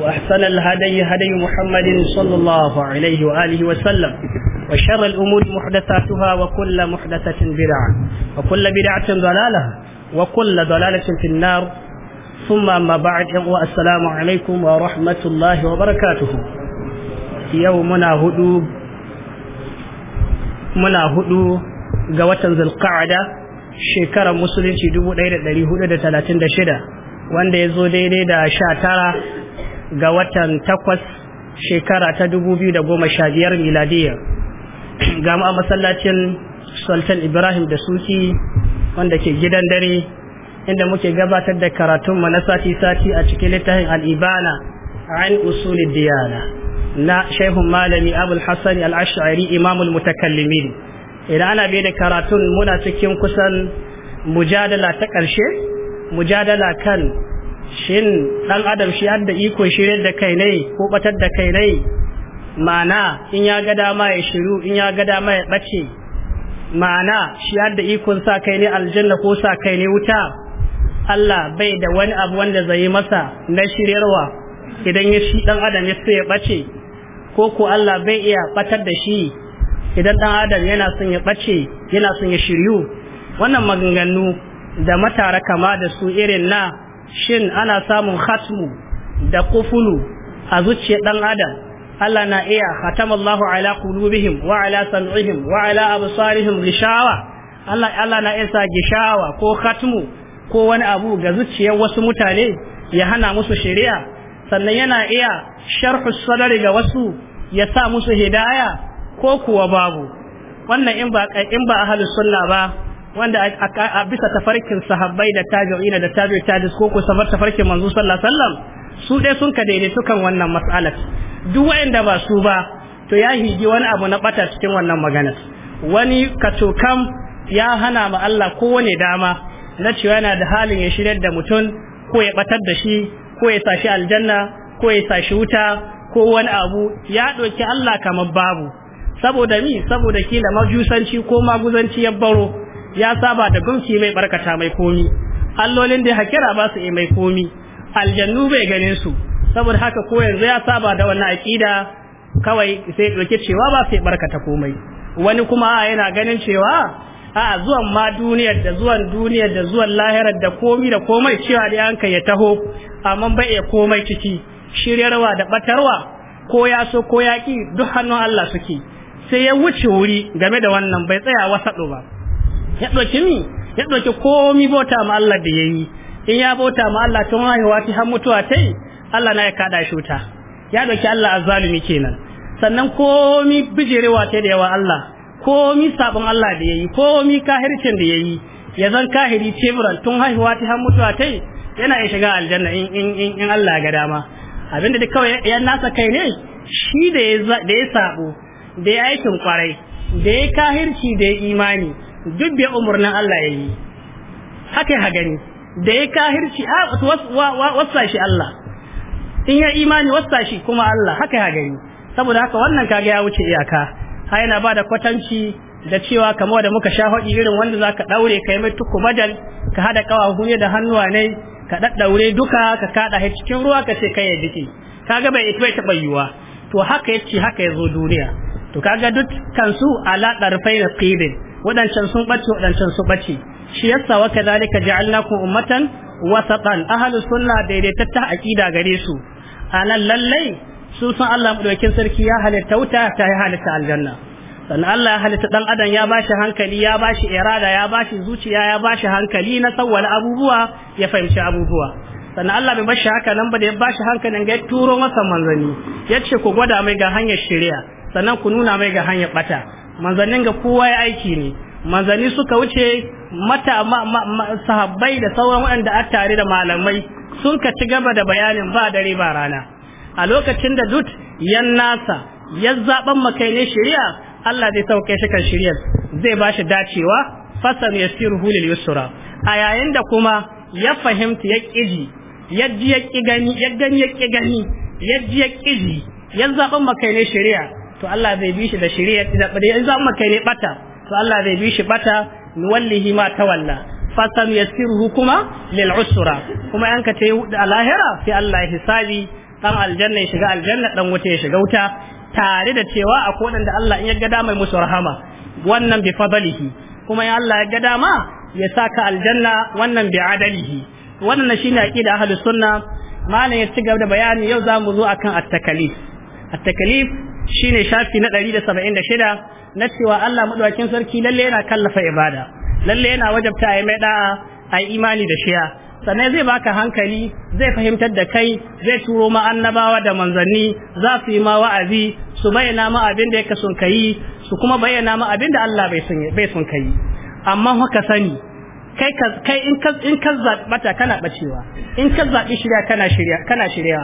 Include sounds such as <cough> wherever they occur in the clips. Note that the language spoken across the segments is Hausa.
وأحسن الهدي هدي محمد صلى الله عليه وآله وسلم وشر الأمور محدثاتها وكل محدثة بدعة وكل بدعة ضلالة وكل ضلالة في النار ثم أما بعد السلام عليكم ورحمة الله وبركاته يومنا هدو منا هدو قوة ذي القعدة شكرا مسلم في دبو ليلة 436 wanda ya zo daidai da sha tara ga watan takwas shekara ta dubu biyu da goma sha biyar miladiyya <clears throat> ga a masallacin sultan ibrahim da suki wanda ke gidan dare inda muke gabatar da karatun karatunmu na sati-sati a cikin littafin al'ibana an usuli diyana na shehun malami abul hassan al'ashari imamul mutakallimin idan ana bai da karatun muna cikin kusan mujadala ta karshe mujadala kan shin dan adam shi adda iko shirin da kai ne ko batar da kai ne ma'ana in ya ga dama ya shiru in ya ga dama ya bace ma'ana shi adda ikon sa kai ne aljanna ko sa kai ne wuta Allah bai da wani abu wanda zai yi masa na shiryarwa idan ya shi dan adam ya so ya bace ko ko Allah bai iya batar da shi idan dan adam yana son ya bace yana son ya shiryu wannan maganganu da matara kama da su irin na shin ana samun khatmu da kufulu a zuciyar dan adam Allah na iya Allahu ala qulubihim wa ala sam'ihim wa ala absarihim gishawa Allah Allah na isa gishawa ko khatmu ko wani abu ga zuciyar wasu mutane ya hana musu shari'a sannan yana iya sharhu sadari ga wasu ya sa musu hidaya ko kuwa babu wannan in ba in ba ahlus sunna ba wanda a bisa tafarkin sahabbai da tabi'ina da tabi'u ta ko ko safar tafarkin manzo sallallahu alaihi wasallam su dai sun ka daidaitu kan wannan mas'alar duk wanda ba su ba to ya hiji wani abu na bata cikin wannan magana wani katokam ya hana ma Allah kowane dama na cewa yana da halin ya shirar da mutum ko ya batar da shi ko ya sashi aljanna ko ya sashi wuta ko wani abu ya ɗauki Allah kamar babu saboda mi saboda kila majusanci ko maguzanci ya baro ya saba da gunki mai barkata mai komi allolin da hakira ba su mai komi aljannu bai ganin su saboda haka ko yanzu ya saba da wannan aqida kawai sai dauke cewa ba sai barkata komai wani kuma yana ganin cewa a zuwan ma duniyar da zuwan duniyar da zuwan lahirar da komi da komai cewa da an kai ya taho amma bai iya komai ciki shiryarwa da batarwa ko ya so ko ya ki duk hannun Allah suke sai ya wuce wuri game da wannan bai tsaya wasa ba ya ɗauki ni ya ɗauki komi bauta ma Allah da ya yi in ya bauta ma Allah tun haihuwa ta har mutuwa ta yi Allah na ya kaɗa shi ya ɗauki Allah azzalumi kenan sannan komi bijirewa ta da yawa Allah komi sabon Allah da ya yi komi kahircin da ya yi ya zan kahiri tebura tun haihuwa ta har mutuwa ta yi yana ya shiga aljanna in in in Allah ga dama abinda duk kawai ya nasa kai ne shi da ya da ya sabo da ya aikin kwarai da ya kahirci da ya imani duk bai umurnin Allah ya yi haka ya gani da ya kahirci a wasa shi Allah in ya imani wasa shi kuma Allah haka ya gani saboda haka wannan kaga ya wuce iyaka har yana ba da kwatanci da cewa kamar da muka sha haɗi irin wanda za ka ɗaure ka yi mai madal ka haɗa ƙawahu da hannuwa ne ka ɗaɗɗaure duka ka kaɗa cikin ruwa ka ce kai ya jiki kaga bai bai taɓa yiwuwa to haka ya ce haka ya zo duniya to kaga duk kansu ala darfai raqibin wadancan sun bace wadancan sun bace shi yasa wa kadalika ja'alnakum ummatan wasatan ahlus sunna daidaitatta aqida gare su anan lallai su san Allah madaukakin sarki ya halitta wuta ta halitta aljanna sannan Allah ya halitta dan adam ya bashi hankali ya bashi irada ya bashi zuciya ya bashi hankali na sawwala abubuwa ya fahimci abubuwa sannan Allah bai bashi haka nan ba da ya bashi hankalin ga turo masa manzanni yace ku gwada mai ga hanyar shari'a sannan ku nuna mai ga hanyar bata manzannin ga kowa ya aiki ne manzanni suka wuce mata sahabbai da sauran waɗanda a tare da malamai sun ka ci gaba da bayanin ba dare ba rana a lokacin da dut yan nasa ya zaben makai ne Allah zai sauke shi kan shari'a zai ba shi dacewa fasan ya siru hulil yusra a yayin da kuma ya fahimta ya ƙiji ya ji ya ki gani ya gani ya ki gani ya ji ya ƙiji ya zaben makai ne to Allah zai bi shi da shari'a da bare yanzu amma kai ne bata to Allah zai bi shi bata wallahi ma tawalla fasan yasiruhu kuma lil usra kuma an ka tayi da lahira sai Allah ya hisabi dan aljanna ya shiga aljanna dan wuta ya shiga wuta tare da cewa akwai wanda Allah in ya ga dama musu rahama wannan bi fadlihi kuma ya Allah ya ga dama ya saka aljanna wannan bi adalihi wannan shine aqida ahlus sunna malam ya ci gaba da bayani yau zamu zo akan at-takalif at-takalif shine shafi na 176 na cewa Allah madawakin sarki lalle yana kallafa ibada lalle yana wajabta ayi mai da'a ayi imani da shiya sannan zai baka hankali zai fahimtar da kai zai turo ma annabawa da manzanni za su yi ma wa'azi su bayyana ma abin da yake sun kai su kuma bayyana ma abin da Allah bai sun bai sun kai amma haka sani kai kai in ka in ka zabata kana bacewa in ka zabi shirya kana shirya kana shirya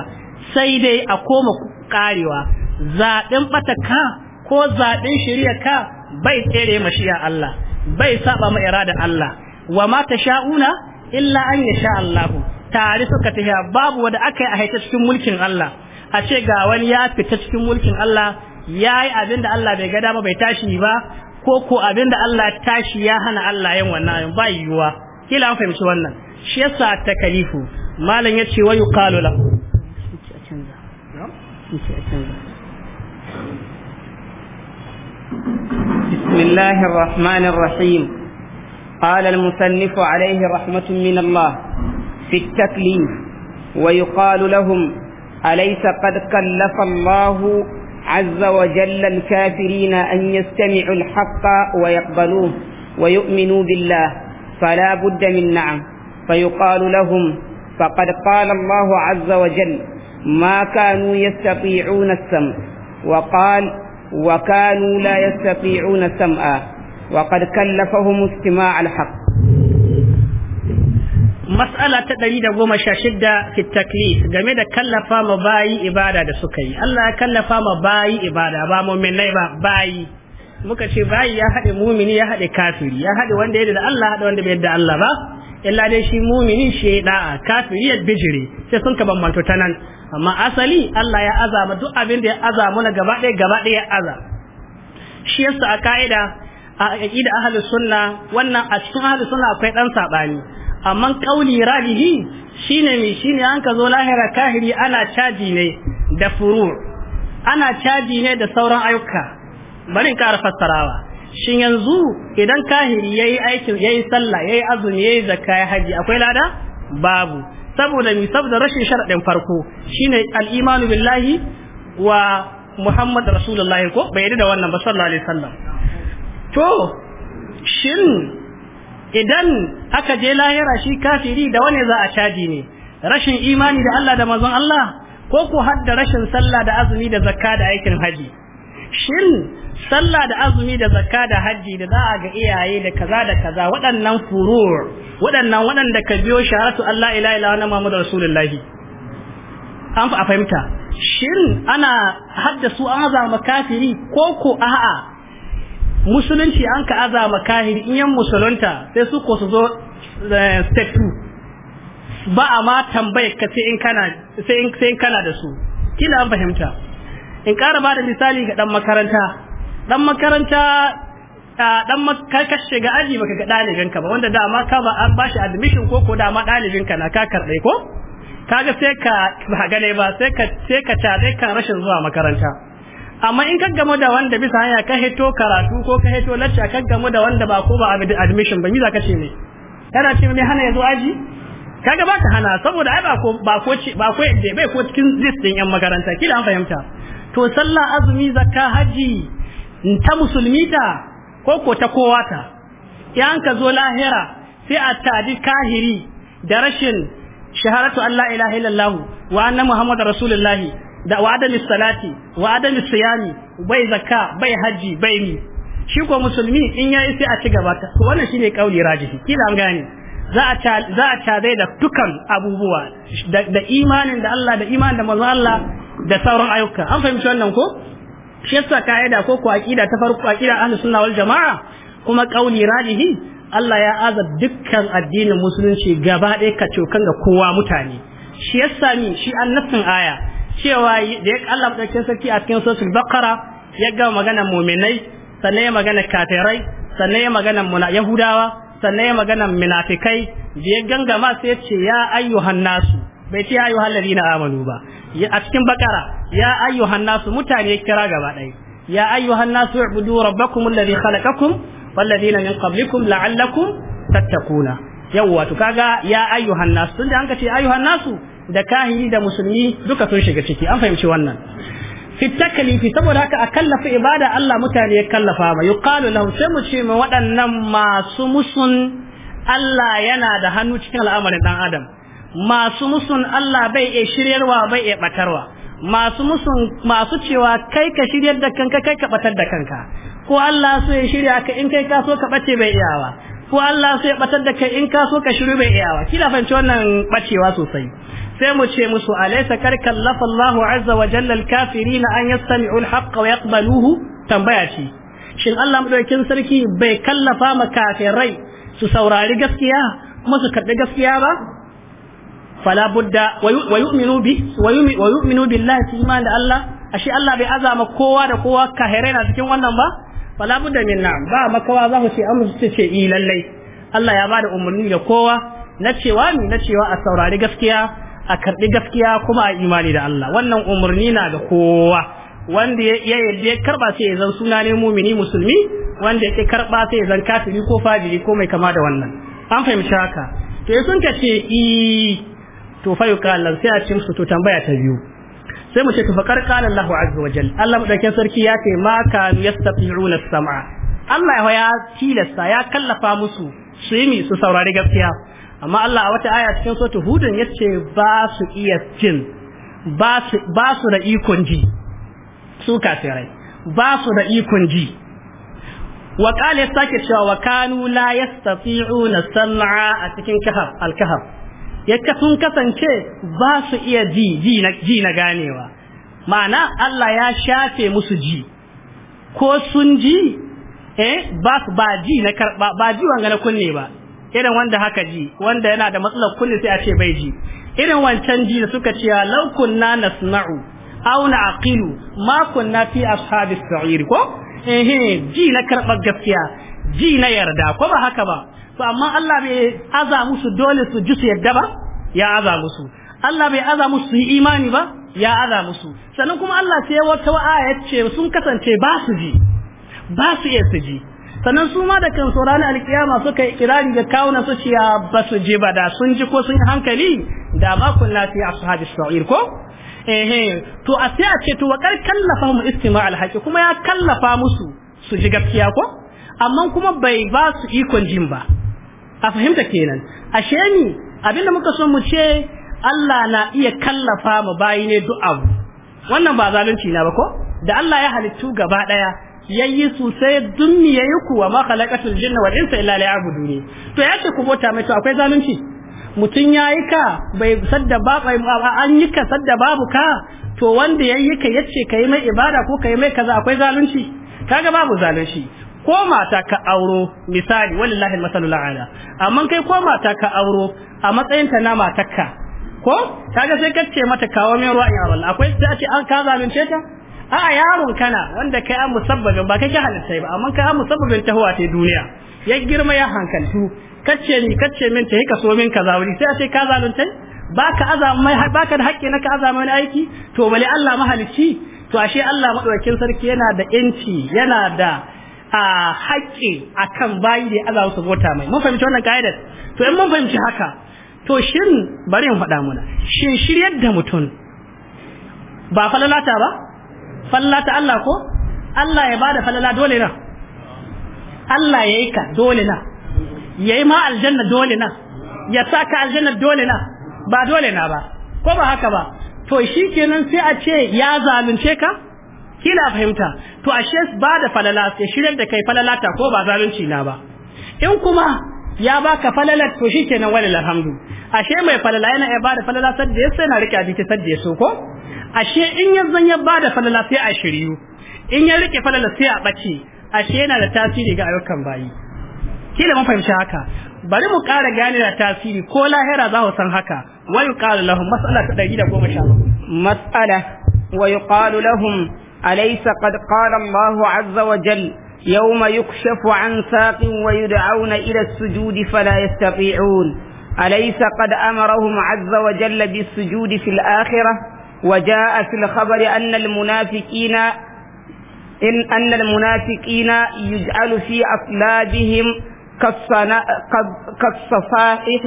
sai dai a koma karewa zaɓen ka ko zaɓen shirya ka bai tsere ma a Allah bai saba ma da Allah wa ma sha'una illa an ya sha allahu tare suka tafiya babu wanda aka yi a haita cikin mulkin Allah a ce ga wani ya fita cikin mulkin Allah ya yi abin da Allah bai gada ba bai tashi ba ko ko abin da Allah tashi ya hana Allah yin wannan ba yiwuwa kila an fahimci wannan shi yasa takalifu malam yace wa yuqalu بسم الله الرحمن الرحيم قال المصنف عليه رحمة من الله في التكليف ويقال لهم أليس قد كلف الله عز وجل الكافرين أن يستمعوا الحق ويقبلوه ويؤمنوا بالله فلا بد من نعم فيقال لهم فقد قال الله عز وجل ما كانوا يستطيعون السمع وقال وكانوا لا يستطيعون السمع وقد كلفهم استماع الحق مسألة تدريد أبو مشاشدة في التكليف جميلة كلفة مباي إبادة سكي الله كلفة مباي إبادة أبا مؤمن نيبا باي muka ce bai ya haɗe mumini ya haɗe kafiri ya haɗe wanda ya da Allah illa dai shi mumini shi ya da'a bijiri sai sun ka bambanto ta nan amma asali Allah ya azama duk abin da ya azama na gaba ɗaya gaba ɗaya ya aza shi yasa a ka'ida a aqida ahli sunna wannan a cikin ahli sunna akwai dan sabani amma kauli rajihi shine mi shine an ka zo lahira kahiri ana caji ne da furu ana caji ne da sauran ayyuka bari in ƙara fassarawa shin yanzu idan kahiri yi aikin yayi sallah yi azumi yayi zakka ya haji akwai lada babu saboda mi saboda rashin sharaɗin farko shine al-imanu billahi wa muhammad rasulullahi ko bai yadda wannan ba sallallahu alaihi wasallam to shin idan aka je lahira shi kafiri da wani za a caji ne rashin imani da Allah da mazan Allah ko ku haɗa rashin sallah da azumi da zakka da aikin haji shin sallah da azumi da zakka da hajji da za a ga iyaye da kaza da kaza waɗannan furur waɗannan waɗanda ka biyo shahadatu Allah ilaha illa wa Muhammadu rasulullahi an fa fahimta shin ana haddasu an azama kafiri ko ko a musulunci an ka azama kafiri in yan musulunta sai su ko su zo eh, step two ba a ma tambayar ka sai in kana sai in kana da su kila an fahimta in ƙara ba da misali ga ɗan makaranta dan makaranta dan ka shiga aji baka ga ɗalibinka ka ba wanda dama ka ba an bashi admission ko ko dama ɗalibinka ka na ka karɓe ko kaga sai ka ba gane ba sai ka sai ka tare kan rashin zuwa makaranta amma in ka gamu da wanda bisa hanya ka hito karatu ko ka hito lacca ka gamu da wanda ba ko ba admission ba mi za ka ce ne kana ce me hana ya zo aji kaga ba ka hana saboda ai ba ko ba ko ba ko bai ko cikin list din yan makaranta kila an fahimta to sallah azumi zakka haji ta musulmi ta ko ko ta kowa ta yan ka zo lahira sai a tadi kahiri da rashin shahadatu Allah ilaha illallah wa anna muhammad rasulullah da wa adami salati wa adami siyami bai zakka bai haji bai ni shi ko musulmi in yayi sai a ci gaba ta wannan shine kauli rajihi kila an gane za a cazai da dukan abubuwa da imanin da Allah da imanin da manzo Allah da sauran ayyuka an fahimci wannan ko shi yasa ka'ida ko ko aqida ta farko aqida ahlus sunna wal jamaa kuma qauli rajihi Allah ya aza dukkan addinin musulunci gaba ɗaya ka cokan ga kowa mutane shi yasa ni shi annabin aya cewa da ya Allah madaukakin sarki a cikin suratul baqara ya ga magana mu'minai sannan ya magana kafirai sannan ya magana yahudawa sannan ya magana munafikai da ya gangama sai ya ce ya ayyuhan nasu bai ce ya ayyuhan ladina amanu ba a cikin bakara ya ayyuhan nasu mutane kira gaba ɗaya ya ayyuhan nasu i'budu rabbakum alladhi khalaqakum walladhina min qablikum la'allakum tattakuna yawwa to kaga ya ayyuhan nasu tunda an ka ce ayyuhan nasu da kahiri da musulmi duka sun shiga ciki an fahimci wannan fi takalifi saboda haka a kallafa ibada Allah mutane ya kallafa ba yuqalu lahum sai mu ce ma waɗannan masu musun Allah yana da hannu cikin al'amarin dan adam masu musun Allah bai iya shiryarwa bai iya batarwa masu musun masu cewa kai ka shiryar da kanka kai ka batar da kanka ko Allah so ya shirya ka in kai ka so ka bace bai iyawa ko Allah so ya batar da kai in ka so ka shiru bai iyawa kila fahimci wannan bacewa sosai sai mu ce musu alaysa kar kallafa Allahu azza wa jalla al-kafirina an yastami'u al-haqqa wa yaqbaluhu tambaya ce shin Allah madaukakin sarki bai kallafa makafirai su saurari gaskiya kuma su karɓi gaskiya ba fala budda wa yu'minu bi wa yu'minu billahi su iman da Allah ashe Allah bai azama kowa da kowa cikin wannan ba fala budda minna ba makawa za mu ce an su ce i e, lallai Allah ya bada umarni ga kowa na cewa mi na cewa a saurari gaskiya a karbi gaskiya kuma a imani da Allah wannan umarni na ga kowa wanda ya yarda ya karba sai ya zan suna ne mumini musulmi wanda ya karba sai ya zan kafiri ko fajiri ko mai kama da wannan an fahimci haka to sun ce i e, to fa yuqalan sai a ce musu to tambaya ta biyu sai mu ce to faqar qala Allahu azza wa jalla Allah madaukin sarki ya ce ma kanu yastati'una as-sam'a Allah ya tilasta ya kallafa musu su yi su saurari gaskiya amma Allah a wata aya cikin sura Hudun yace ba su iya jin ba su ba su da ikon ji su kafirai ba su da ikon ji wa qala sake cewa wa kanu la yastati'una sama a cikin kahf al-kahf yadda sun kasance ba su iya ji na ganewa ma'ana Allah ya shafe musu ji ko sun ji eh ba su ba ji na karba ba ji wanga na kunne ba irin wanda haka ji wanda yana da matsalar kunne sai a ce bai ji irin wancan ji da suka ce law kunna nasma'u aw na'qilu ma kunna fi ashabis sa'ir ko eh ji na karɓar gaskiya ji na yarda ko ba haka ba to amma Allah bai aza musu dole su ji su yadda ba ya aza musu Allah bai aza musu su yi imani ba ya aza musu sannan kuma Allah sai wata aya ce sun kasance ba su ji ba su iya su ji sannan su ma da kan sauran alkiyama suka yi kirari ga kawuna su ciya ba su ji ba da sun ji ko sun yi hankali da ma kunna fi ashabis sa'ir ko to a sai a ce to wakar kallafa mu istima' kuma ya kallafa musu su ji gaskiya ko amma kuma bai ba su ikon jin ba a fahimta kenan ashe ni abinda muka so mu ce Allah na iya kallafa mu bayi ne du'a wannan ba zalunci na ba ko da Allah ya halittu gaba daya yayi su sai dunni yayi kuwa wa ma khalaqatul jinna wal insa illa liya'buduni to ya ce ku bota mai to akwai zalunci mutun yayi ka bai sadda ba bai an yi ka sadda babu ka to wanda yayi ka yace kai mai ibada ko kai mai kaza akwai zalunci kaga babu zalunci ko mata ka auro misali wallahi masalul ala amma kai ko mata ka auro a matsayin ta na matakka ko kaga sai kace mata kawo min ruwa yaron akwai sai a ce an ka zalunce ta a a yaron kana wanda kai an musabbabin ba kai ka halitta ba amma kai an musabbabin huwa ta duniya ya girma ya hankaltu kace ni kace min ta hika so min kaza wuri sai a ce ka zalunce baka azama baka da haƙƙi na ka azama aiki to bale Allah mahalicci to ashe Allah madaukakin sarki yana da yanci yana da a haƙƙi akan bayi da Allah su bota mai mun fahimci wannan ka'idar to in mun fahimci haka to shin bari in faɗa muna shin shiryar da mutum ba falalata ba falalata Allah ko Allah ya bada falala dole na Allah ya yi ka dole na ya yi ma aljanna dole na ya sa ka aljanna dole na ba dole na ba ko ba haka ba to shi kenan sai a ce ya zalunce ka Kina fahimta to ashe ba da falala ya shirin da kai falalata ko ba zalunci na ba in kuma ya baka falala to shikenan walil alhamdu ashe mai falala yana ya bada falala sai ya yasa na rike abinci sai ya so ko ashe in ya zan ya bada falala sai a shiryu in ya rike falala sai a bace ashe yana da tasiri ga ayyukan bayi kila mun fahimci haka bari mu ƙara gane da tasiri ko lahira za ku san haka wa yuqalu lahum mas'ala ta mas'ala wa yuqalu lahum أليس قد قال الله عز وجل يوم يكشف عن ساق ويدعون إلى السجود فلا يستطيعون أليس قد أمرهم عز وجل بالسجود في الآخرة وجاء في الخبر أن المنافقين إن أن المنافقين يجعل في أصلابهم كالصفائح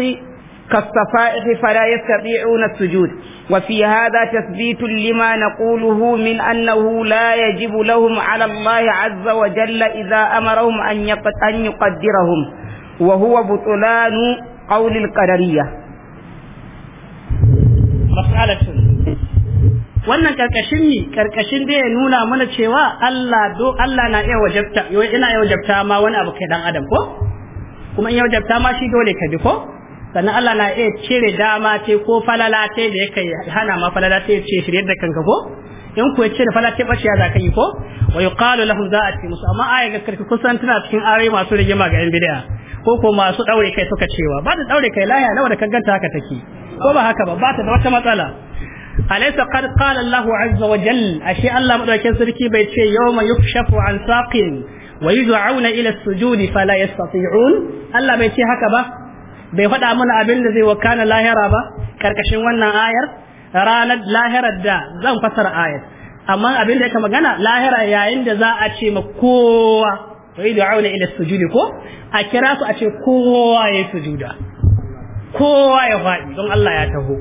كالصفائح فلا يستطيعون السجود وفي هذا تثبيت لما نقوله من أنه لا يجب لهم على الله عز وجل إذا أمرهم أن يقدرهم وهو بطلان قول القدرية مسألة wannan karkashin ne karkashin da ya nuna mana cewa Allah do Allah na iya wajabta ina iya wajabta ma wani abu kai dan adam ko kuma in ya wajabta ma shi dole ka bi ko sannan Allah na iya cire dama ce ko falala ce da yake hana ma falala ce ce shirye da kanka ko in ku ce da falala ce bashi ya za ka yi ko wa yuqalu lahum za a musu amma aya ga karki kusan tana cikin ayoyi masu rigima ga yan bid'a ko ko masu daure kai suka cewa ba da daure kai laya nawa da kagganta haka take ko ba haka ba ba ta da wata matsala alaysa qad qala Allahu azza wa ashe Allah madaukakin sarki bai ce yawma yukshafu an saqin wa yud'auna ila as-sujudi fala yastati'un Allah bai ce haka ba bai faɗa mana abin da zai wakana lahira ba karkashin wannan ayar ranar lahirar da zan fasara ayar amma abin da yake magana lahira yayin da za a ce ma kowa yad'una ila sujudi ko a kira su a ce kowa ya sujuda kowa ya faɗi don Allah ya taho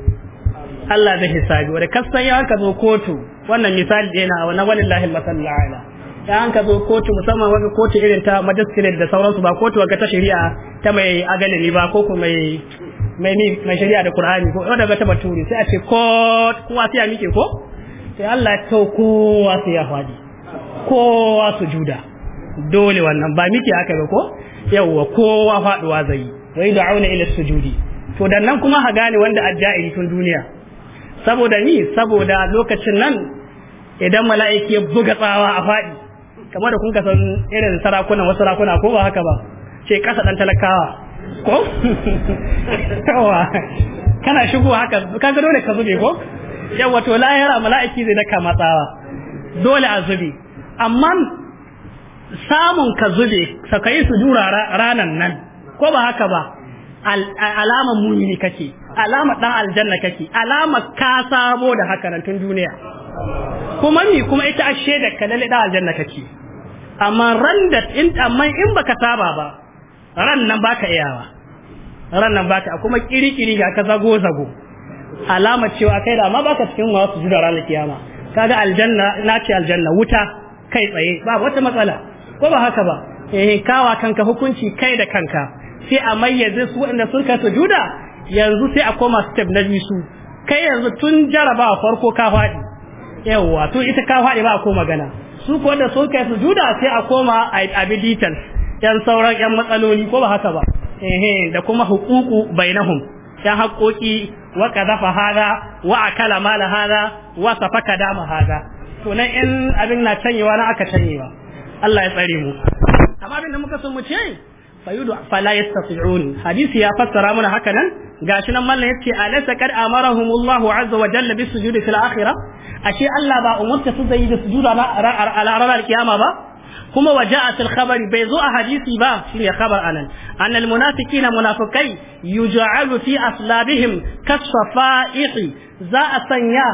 Allah zai hisabi wanda kasan ya ka zo kotu wannan misali ɗaya na wannan wallahi masallala da an ka zo kotu musamman wani kotu irin ta majistrate da sauransu ba kotu wanka ta shari'a ta mai agalini ba ko kuma mai mai mai shari'a da qur'ani ko wanda ta baturi sai a ce kot kowa sai ya mike ko sai Allah ya tau kowa sai ya faɗi. kowa juda dole wannan ba mike aka ba ko yawwa kowa faduwa zai yi, wai da'auna ila sujudi to dan nan kuma ha gane wanda ajja'i tun duniya saboda ni saboda lokacin nan idan mala'iki ya buga tsawa a fadi kamar da kun ka san irin sarakuna wasu sarakuna ko ba haka ba ce kasa dan talakawa ko tawa <laughs> kana shigo haka ga dole ka zube ko yau wato lahira mala'iki zai daka matsawa dole a zube amma samun ka zube kai su jura ranan nan ko ba haka ba alama mumini kake alama dan aljanna kake alama ka samo da haka nan tun duniya kuma mi kuma ita ashe da ka lalle da aljanna kake amma ran da in amma in baka saba ba ran nan baka iyawa ran nan baka kuma kirikiri ga ka zago zago alama cewa kai da amma baka cikin wa su jira ranar kiyama kaga aljanna na ce aljanna wuta kai tsaye ba wata matsala ko ba haka ba eh kawa kanka hukunci kai da kanka sai a mayyaze su waɗanda sun kai sujuda yanzu sai a koma step na su kai yanzu tun jarabawa farko ka faɗi yawa to ita ka fadi ba ko magana su ko da so kai sujuda sai a koma a abi details yan sauran yan matsaloli ko ba haka ba eh da kuma huququ bainahum Ya haƙoƙi wa qadafa hada wa akala mal hada wa safaka dama hada to nan in abin na canyewa na aka canyewa Allah ya tsare mu amma abin da muka so mu ce fayudu fala yastati'un hadisi ya fassara mana haka nan gashi nan mallan yace alaysa qad amarahum Allah azza wa jalla bisujudi fil akhirah ashe Allah ba umurta su zai da sujuda na ranar kiyama ba kuma waja'a fil khabari bai zo a hadisi ba shine khabar anan annal munafiqina munafiqai yuj'alu fi aslabihim kasfafa'i za a sanya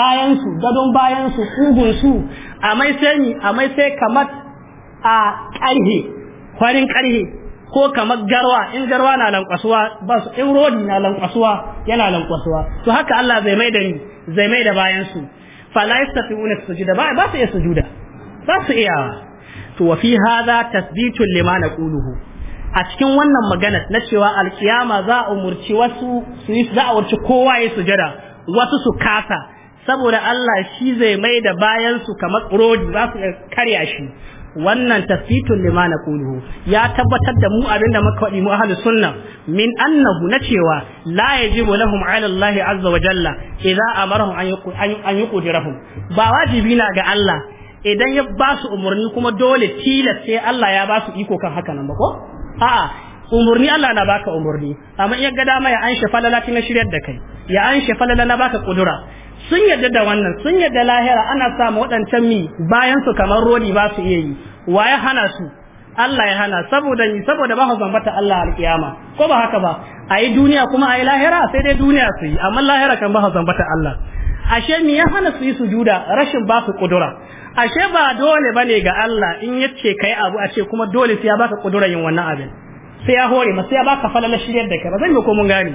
bayan su gadon bayan su kugun su amai sai sai kamar a ƙarhe farin karhe ko kamar garwa in garwa na lankwasuwa ba su in rodi na lankwasuwa yana lankwasuwa to haka Allah zai mai da ni zai mai da bayan su fa la yastafiuna sujuda ba ba su iya sujuda ba su iya to wa fi hadha tasbitun lima naquluhu a cikin wannan magana na cewa alkiyama za a umurci wasu su yi za a umurci kowa ya sujada wasu su kasa saboda Allah shi zai mai da bayan su kamar rodi ba su karya shi wannan tasbitun lima na kuluhu ya tabbatar da mu abinda muka faɗi mu ahlus sunna min annahu na cewa la yajibu lahum ala Allah azza wa jalla idza amarahum an yuqdirahum ba wajibi na ga Allah idan ya ba su umarni kuma dole tilas sai Allah ya ba su iko kan haka nan ba ko a'a umarni Allah na baka umarni amma in ya ga dama ya anshe falala na shiryar da kai ya an falala na baka kudura sun yadda da wannan sun yadda lahira ana samu waɗancan mi bayan su kamar rodi ba su iya yi wa ya hana su Allah ya hana saboda ni saboda ba zambata Allah alkiyama ko ba haka ba a yi duniya kuma a yi lahira sai dai duniya su yi amma lahira kan ba zambata Allah ashe me ya hana su yi sujuda rashin ba su kudura ashe ba dole bane ga Allah in yace kai abu a ce kuma dole sai ya baka kudura yin wannan abin sai ya hore ma sai ya baka falala shiryar da kai ba zan yi ko mun gane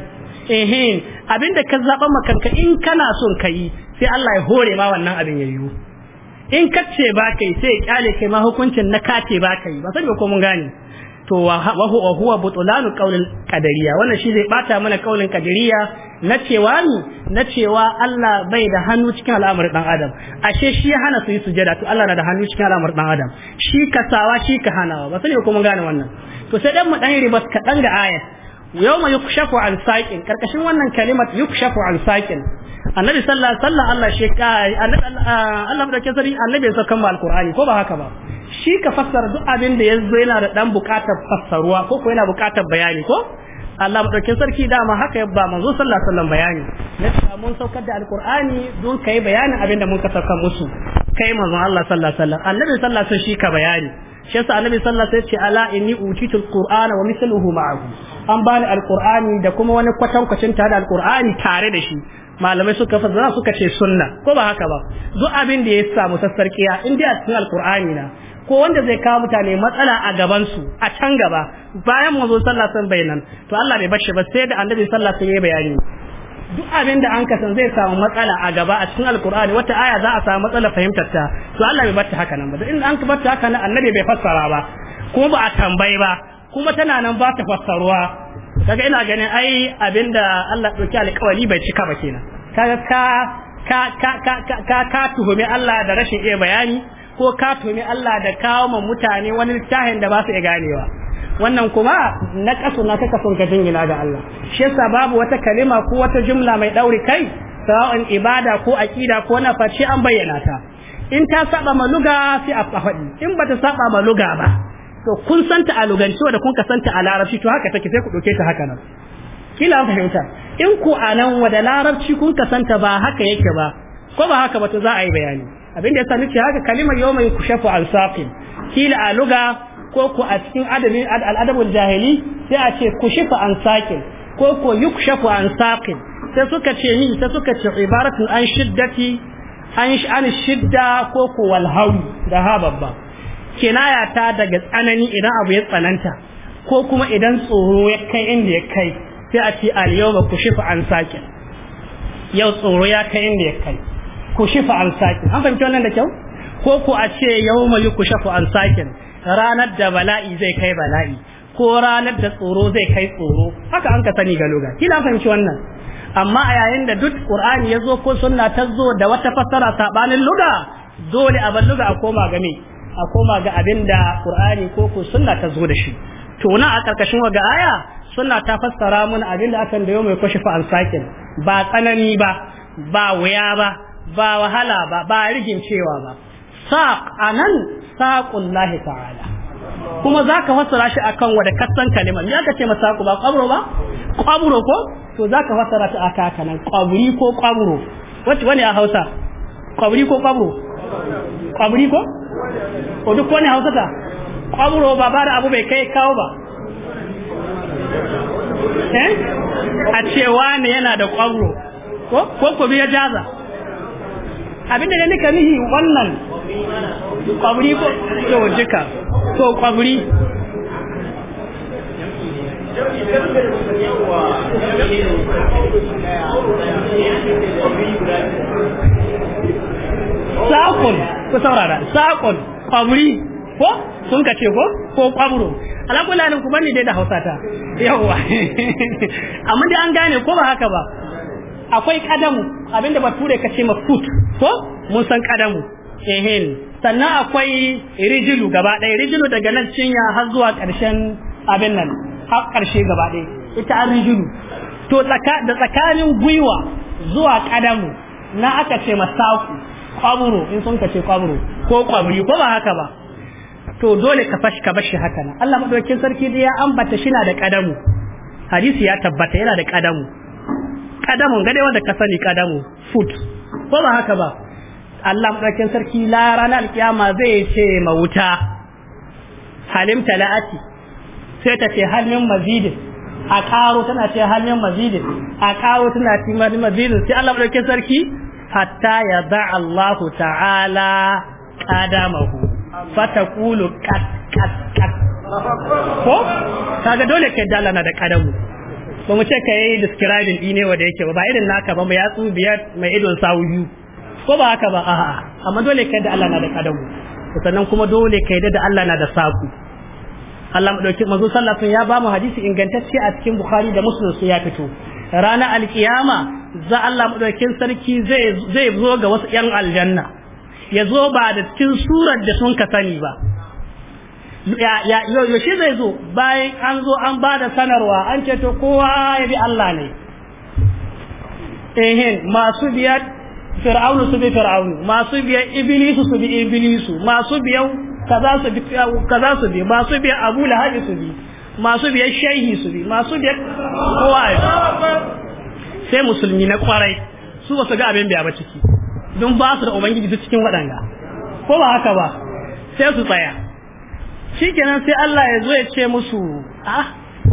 ehin abinda ka zaba makanka in kana son kai sai Allah ya hore ma wannan abin ya yi. in ka ce ba kai sai ya kyale kai ma hukuncin na ka ce ba kai ba sai ko mun gane to wa huwa butulanu qaulil qadariya wannan shi zai bata mana qaulin qadariya na cewa ni na cewa Allah bai da hannu cikin al'amur dan adam ashe shi ya hana su yi sujada to Allah na da hannu cikin al'amur dan adam shi kasawa shi ka hanawa ba sai ko mun gane wannan to sai dan mu dan ribas ka dan ga ayat yawma yukshafu an saqin karkashin wannan kalimat yukshafu an saqin annabi sallallahu alaihi wasallam Allah shi kai annabi Allah da ke sari annabi ya saka alqur'ani ko ba haka ba shi ka fassara duk abin da yazo yana da dan bukatar fassaruwa ko ko yana bukatar bayani ko Allah madaukin sarki dama haka ya ba manzo sallallahu alaihi wasallam bayani na cewa mun saukar da alqur'ani don kai bayanin abin da mun ka sauka musu kai manzo Allah sallallahu alaihi wasallam annabi sallallahu alaihi wasallam shi ka bayani shi yasa annabi sallallahu alaihi wasallam ya ce ala inni utitul qur'ana wa mithluhu ma'ahu an bani alkur'ani da kuma wani kwatankwacin tare da alkur'ani tare da shi malamai suka fassara suka ce sunna ko ba haka ba duk abin da ya samu sassarkiya in dai a cikin alkur'ani na ko wanda zai kawo mutane matsala a gaban su a can gaba bayan mu zo sallah san bayanan to Allah bai bashi ba sai da annabi sallah sai ya bayani duk abin da an kasan zai samu matsala a gaba a cikin alkur'ani wata aya za a samu matsala fahimtar ta to Allah bai bata haka nan ba in an ka bata haka nan annabi bai fassara ba kuma ba a tambayi ba kuma tana nan ba ta fassaruwa kaga ina ganin ai abinda Allah dauki alƙawari bai cika ba kenan kaga ka ka ka ka ka tuhumi Allah da rashin iya bayani ko ka tuhumi Allah da kawo ma mutane wani littafin da ba su iya ganewa wannan kuma na kasu na kaka sun ka jingina ga Allah shi yasa babu wata kalima ko wata jumla mai dauri kai sa'an ibada ko aqida ko na an bayyana ta in ta saba ma sai a faɗi in bata saba ma luga ba to kun santa a lugance da kun ka santa a larabci to haka take sai ku ɗauke ta haka nan kila fahimta in ku a nan wada larabci kun ka santa ba haka yake ba ko ba haka ba to za a yi bayani abin da ya nake haka kalimar yau mai al alsaqin kila a luga ko ku a cikin adabin al'adabul jahili sai a ce kushifa an saqin ko ku yukshafu an saqin sai suka ce ni sai suka ce ibaratun an shiddati an shidda ko ku wal da ha babba kinaya ta daga tsanani idan abu ya tsananta ko kuma idan tsoro ya kai inda ya kai sai a ce al-yawma kushifa an sakin yau tsoro ya kai inda ya kai kushifa an sakin an fahimci wannan da kyau ko ku a ce yawma yukushafu an sakin ranar da bala'i zai kai bala'i ko ranar da tsoro zai kai tsoro haka an ka sani ga loga kila fahimci wannan amma a yayin da duk qur'ani ya zo ko sunna ta zo da wata fassara sabanin luga dole a bar luga a koma game a koma ga abin da Qur'ani ko ko sunna ta zo da shi to na a ƙarƙashin wa aya sunna ta fassara mun abin da akan da yau mai kwashe an ba tsanani ba ba wuya ba ba wahala ba ba rigin cewa ba saq anan lahi ta'ala kuma zaka fassara shi akan kan da kasan kalimar ya ka ce masaku ba ƙwabro ba ƙwabro ko to zaka fassara ta aka nan ƙwabri ko ƙwabro wace wani a Hausa ƙwabri ko ƙwabro. kwaburi ko ko duk wani hausata kwaburo ba ba da abu bai kai kawo ba eh? a cewa ne yana da kwaburo ko ko ko jaza abinda ne nika nihi wannan kwaburi ko ke jika to kwaburi ku saurara saƙon kwamuri ko sun ka ce ko ko kwamuro nan kuma ne dai da hausa ta yawwa <laughs> amma dai an gane ko ba haka ba akwai kadamu abinda bature ka ce ma foot ko mun san kadamu ehin sannan akwai rijilu gaba ɗaya rijilu daga nan cinya har zuwa ƙarshen abin nan har ƙarshe gaba ɗaya ita an rijilu to da tsakanin gwiwa zuwa kadamu na aka ce ma saku kwamuro in sun kace kwamuro ko kwaburi ko ba haka ba to dole ka fashi ka bashi haka nan Allah madaukakin sarki da ya ambata shi na da kadamu hadisi ya tabbata yana da kadamu kadamu ga dai wanda ka sani kadamu foot ko ba haka ba Allah madaukakin sarki la ranar alkiyama zai ce ma wuta halim tala'ati sai ta ce halim mazidin a karo tana ce halin mazidin a karo tana ce halin mazidin sai Allah madaukakin sarki hatta ya da Allah ta'ala qadamahu fatakulu kat kat kat ko kaga dole ke dala na da kadamu ba mu ce ka yi describing din ne wanda yake ba ba irin naka ba mu yatsu biyar mai idon sawu ko ba haka ba a'a amma dole ka da Allah na da kadamu sannan kuma dole ka da Allah na da saku Allah madauki manzo sallallahu ya ba mu hadisi ingantacce a cikin Bukhari da Muslim sai ya fito Rana alkiyama za Allah madaukin sarki zai zai zo ga wasu yan aljanna ya zo ba da cikin surar da sun ka sani ba ya ya yo shi zai zo bayan an zo an ba da sanarwa an ce to kowa ya bi Allah ne ehin masu biyar fir'aunu su bi fir'aunu masu biyar iblisu su bi iblisu masu biyar kaza su bi kaza su bi masu biyar abu lahabi su bi masu biyar shehi su bi masu biyar kowa ya sai musulmi na kwarai su ba su ga abin biya ba ciki don ba su da ubangiji su cikin waɗanga ko ba haka ba sai su tsaya kenan sai Allah ya zo ya ce musu ah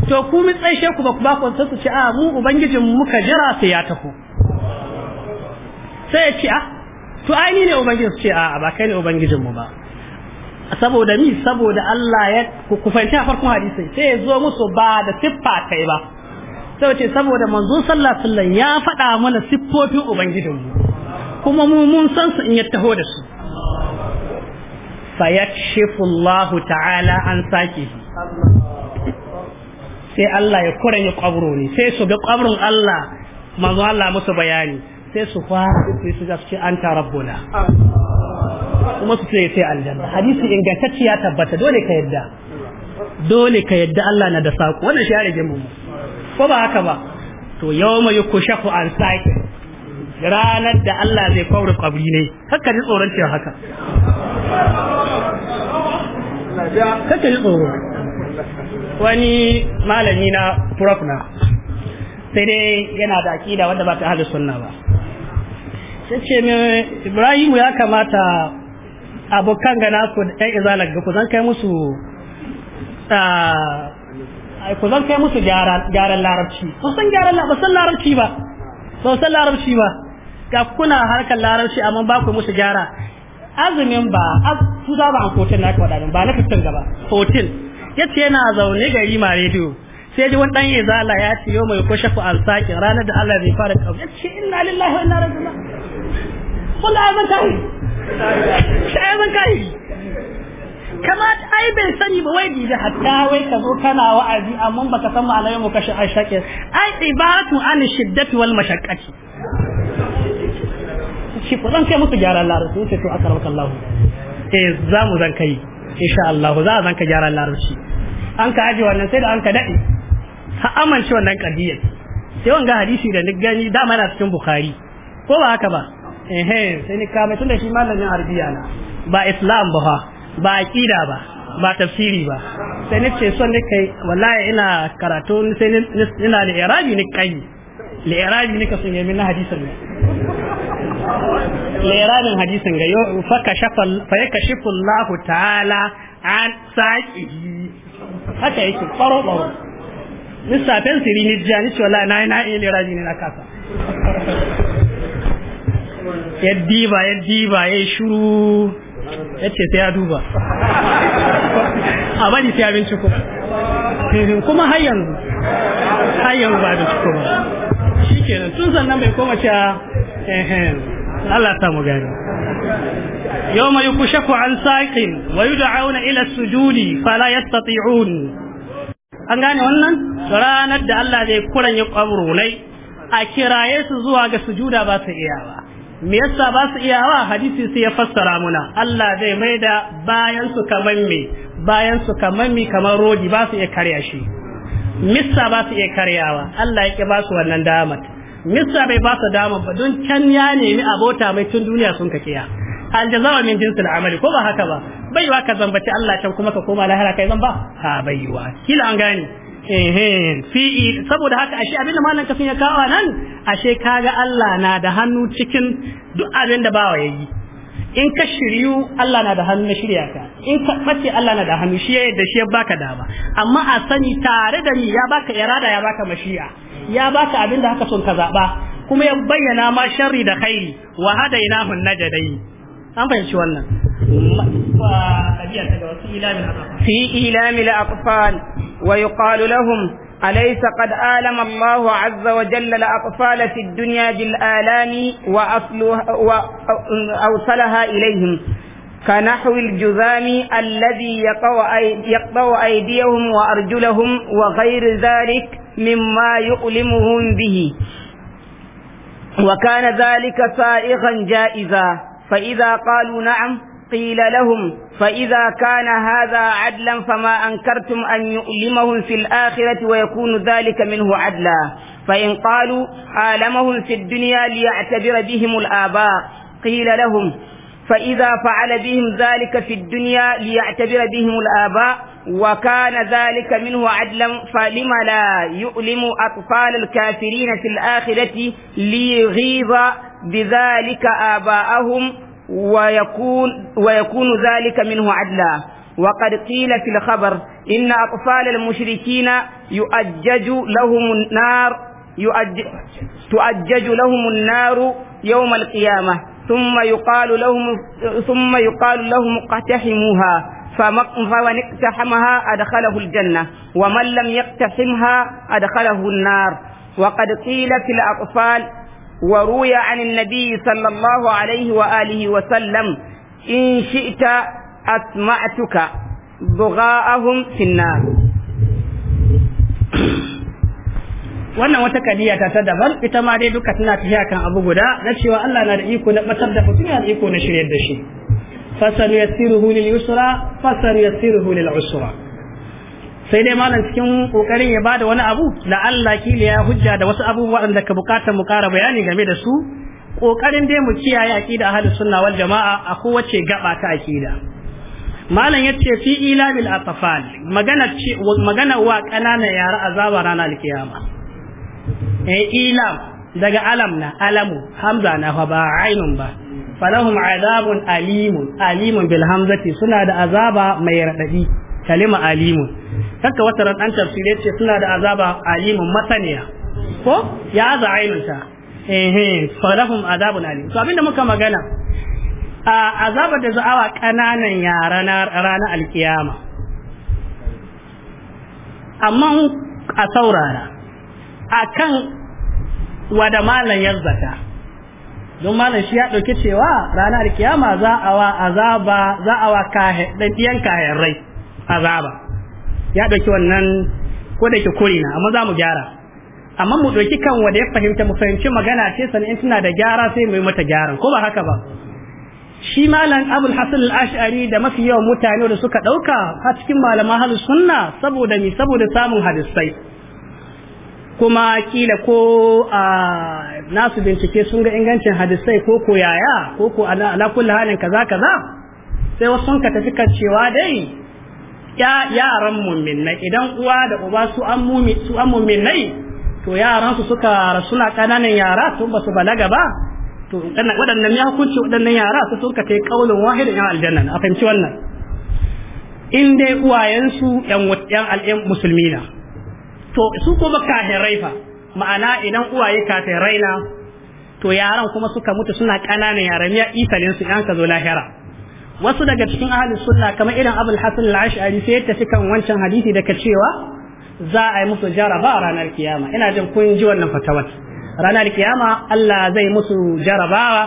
to ku mu tsaishe ku ba ku ba ku su ce a mu ubangijin muka jira sai ya tafi sai ya ce ah to ai ni ne ubangiji su ce a ba kai ne ubangijin mu ba saboda mi saboda Allah ya ku fahimci a farkon hadisi sai ya zo musu ba da siffa kai ba sai ce saboda manzo sallallahu alaihi wasallam ya faɗa mana siffofin mu kuma mu mun san su in ya taho da su fayakshifu Allah ta'ala an sake sai Allah ya ni kwabro ne sai su ga kwabron Allah manzo Allah musu bayani sai su fara sai su ga su ce an ta rabbuna kuma su ce sai aljanna hadisi ingantacciya tabbata dole ka yadda dole ka yadda Allah na da sako wannan shi ya rage mu ko ba haka ba to yawma yukushafu an saqi ranar da Allah zai kwaure kabri ne haka ji tsoron cewa haka haka ji tsoro wani malami na prof na sai dai yana da akida wanda ba ta hali sunna ba sai ce ne Ibrahimu ya kamata abokan gana ku da ɗan izalar ga ku zan kai musu ah, ai ku zan kai musu gyaran larabci ba san gyaran ba san larabci ba ba san larabci ba ga kuna harkar larabci amma ba ku musu gyara azumin ba su za ba an hotel na kwaɗa ba na fitin gaba hotel ya ce yana zaune gari ma rediyo sai ji wani ɗan izala ya ce yau mai kushe ku alsaƙi ranar da Allah bai fara kawo ya ce inna lillahi wa inna ilaihi raji'un wallahi ban kai sai ban kai kamata ai bai sani ba wai dibi hatta wai ka zo kana wa'azi amma baka san ma'anar mu kashi ashaqi ai ibaratu an shiddati wal mashaqqati shi ko zan kai musu gyaran larabci sai to akarwaka Allah eh za mu zan kai insha Allah za a zan ka gyaran larabci an ka aje wannan sai da an ka dade ha amince wannan kadiyar sai wanga hadisi da ni gani da mana cikin bukhari ko ba haka ba eh sai ni kama tunda shi malamin arabiya na ba islam ba ba aqida ba ba tafsiri ba sai ni ce son ne kai wallahi ina karatu sai ina da irabi ni kai le irabi ni ka sun yi min hadisin ne le irabin hadisin ga yo fa shafa fa shifu Allah ta'ala an saki haka yake faro baro lissafin siri ni jiya ni ce wallahi na na yi irabi ne na kasa yaddi ba yaddi ba yayi shuru ya ce sai ya duba a bani sai ya binciko kuma har yanzu har yanzu ba ciko ba shi kenan tun sannan bai koma cewa Allah ta mu gani yau mai kushaku an saƙin wa yi da'auna ila sujudi fala yastati'un an gane wannan ranar da Allah zai kuran ya kwamro a kiraye su zuwa ga sujuda ba su iya ba me yasa ba su iya hawa hadisi sai ya fassara muna Allah zai da bayan su kaman me bayan su kaman me kamar rodi ba su iya karya shi missa ba su iya karyawa Allah ya ki ba su wannan dama missa bai ba su damar ba don can ya nemi abota mai tun duniya sun ka kiya aljazawa min jinsil amali ko ba haka ba baiwa ka zambaci Allah can kuma ka koma lahira kai zan ba ha baiwa kila an gane fi saboda haka ashe abin da malam kafin ya kawo nan ashe kaga Allah na da hannu cikin duk abin da bawa yayi in ka shiryu Allah na da hannu na shirya ka in ka face Allah na da hannu shi ya yadda shi ya baka dama amma a sani tare da ni ya baka irada ya baka mashi'a ya baka abin da haka son ka zaba kuma ya bayyana ma sharri da khairi wa hadainahu najdain في إيلام الأطفال ويقال لهم أليس قد آلم الله عز وجل الأطفال في الدنيا بالآلام وأوصلها إليهم كنحو الجذام الذي يقطع أيديهم وأرجلهم وغير ذلك مما يؤلمهم به وكان ذلك سائغا جائزا فإذا قالوا نعم قيل لهم فإذا كان هذا عدلا فما أنكرتم أن يؤلمهم في الآخرة ويكون ذلك منه عدلا فإن قالوا آلمهم في الدنيا ليعتبر بهم الآباء قيل لهم فإذا فعل بهم ذلك في الدنيا ليعتبر بهم الآباء وكان ذلك منه عدلا فلم لا يؤلم أطفال الكافرين في الآخرة ليغيظ بذلك آباءهم ويكون, ويكون ذلك منه عدلا وقد قيل في الخبر إن أطفال المشركين يؤجج لهم النار يؤجج تؤجج لهم النار يوم القيامة ثم يقال لهم ثم يقال لهم اقتحموها فمن اقتحمها أدخله الجنة ومن لم يقتحمها أدخله النار وقد قيل في الأطفال وروي عن النبي صلى الله عليه وآله وسلم إن شئت أسمعتك بغاءهم في النار وانا وتكا ديا تتدى بل اتما دي دوكا تنات ابو بدا نتشي وانا نرئيكو نتبدا فتنيا نرئيكو نشري الدشي فسنيسيره لليسرى فسنيسيره للعسرى sai dai malam cikin kokarin ya bada wani abu la'alla kila ya hujja da wasu abubuwa da ka bukata mu kara bayani game da su kokarin dai mu kiyaye aqida ahlus sunna wal jamaa a kowace gaba ta aqida malam yace fi ilamil atfal magana ce magana wa kanana yara azaba ranar alkiyama e ilam daga alam alamu hamza na fa ba ainun ba falahum azabun alimun alimun bil hamzati suna da azaba mai radadi kalima alimun kanka wata ran dan tafsire ce suna da azaba alimun masaniya ko ya aza ainunta eh eh farahum azabun alim to abinda muka magana a azabar da za'awa kananan yara na rana alkiyama amma a saurara akan wada malan yazzata don malam shi ya ɗauki cewa rana alkiyama za a wa azaba za a wa ɗan ɗiyan kayan rai azaba ya ɗauki wannan ko da ke kurina amma za mu gyara amma mu ɗauki kan wanda ya fahimta mu fahimci magana ce sannan in tana da gyara sai mu yi mata gyaran ko ba haka ba shi malam abul hasan al-ash'ari da mafi yawan mutane da suka ɗauka a cikin malaman hal sunna saboda ni saboda samun hadisai kuma kila ko a nasu bincike sun ga ingancin hadisai ko ko yaya ko ko ala kulli halin kaza kaza sai wasu ka tafi cewa dai Ya yaran na idan uwa da uba su an mumi su an mu'minai to yaran su suka suna kananan yara to ba su balaga ba to waɗannan ya hukunci waɗannan yara su suka kai kaulin wahidin ya aljanna a fahimci wannan in dai uwayensu yan yan al'in musulmi na to su kuma kafirai fa ma'ana idan uwaye kafirai na to yaran kuma suka mutu suna kananan yaran ya isalin su yan ka zo lahira wasu daga cikin ahli sunna kamar irin abul hasan al-ash'ari sai tafi kan wancan hadisi da ka cewa za a yi musu jaraba a ranar kiyama ina jin kun ji wannan fatawar ranar kiyama Allah zai musu jarabawa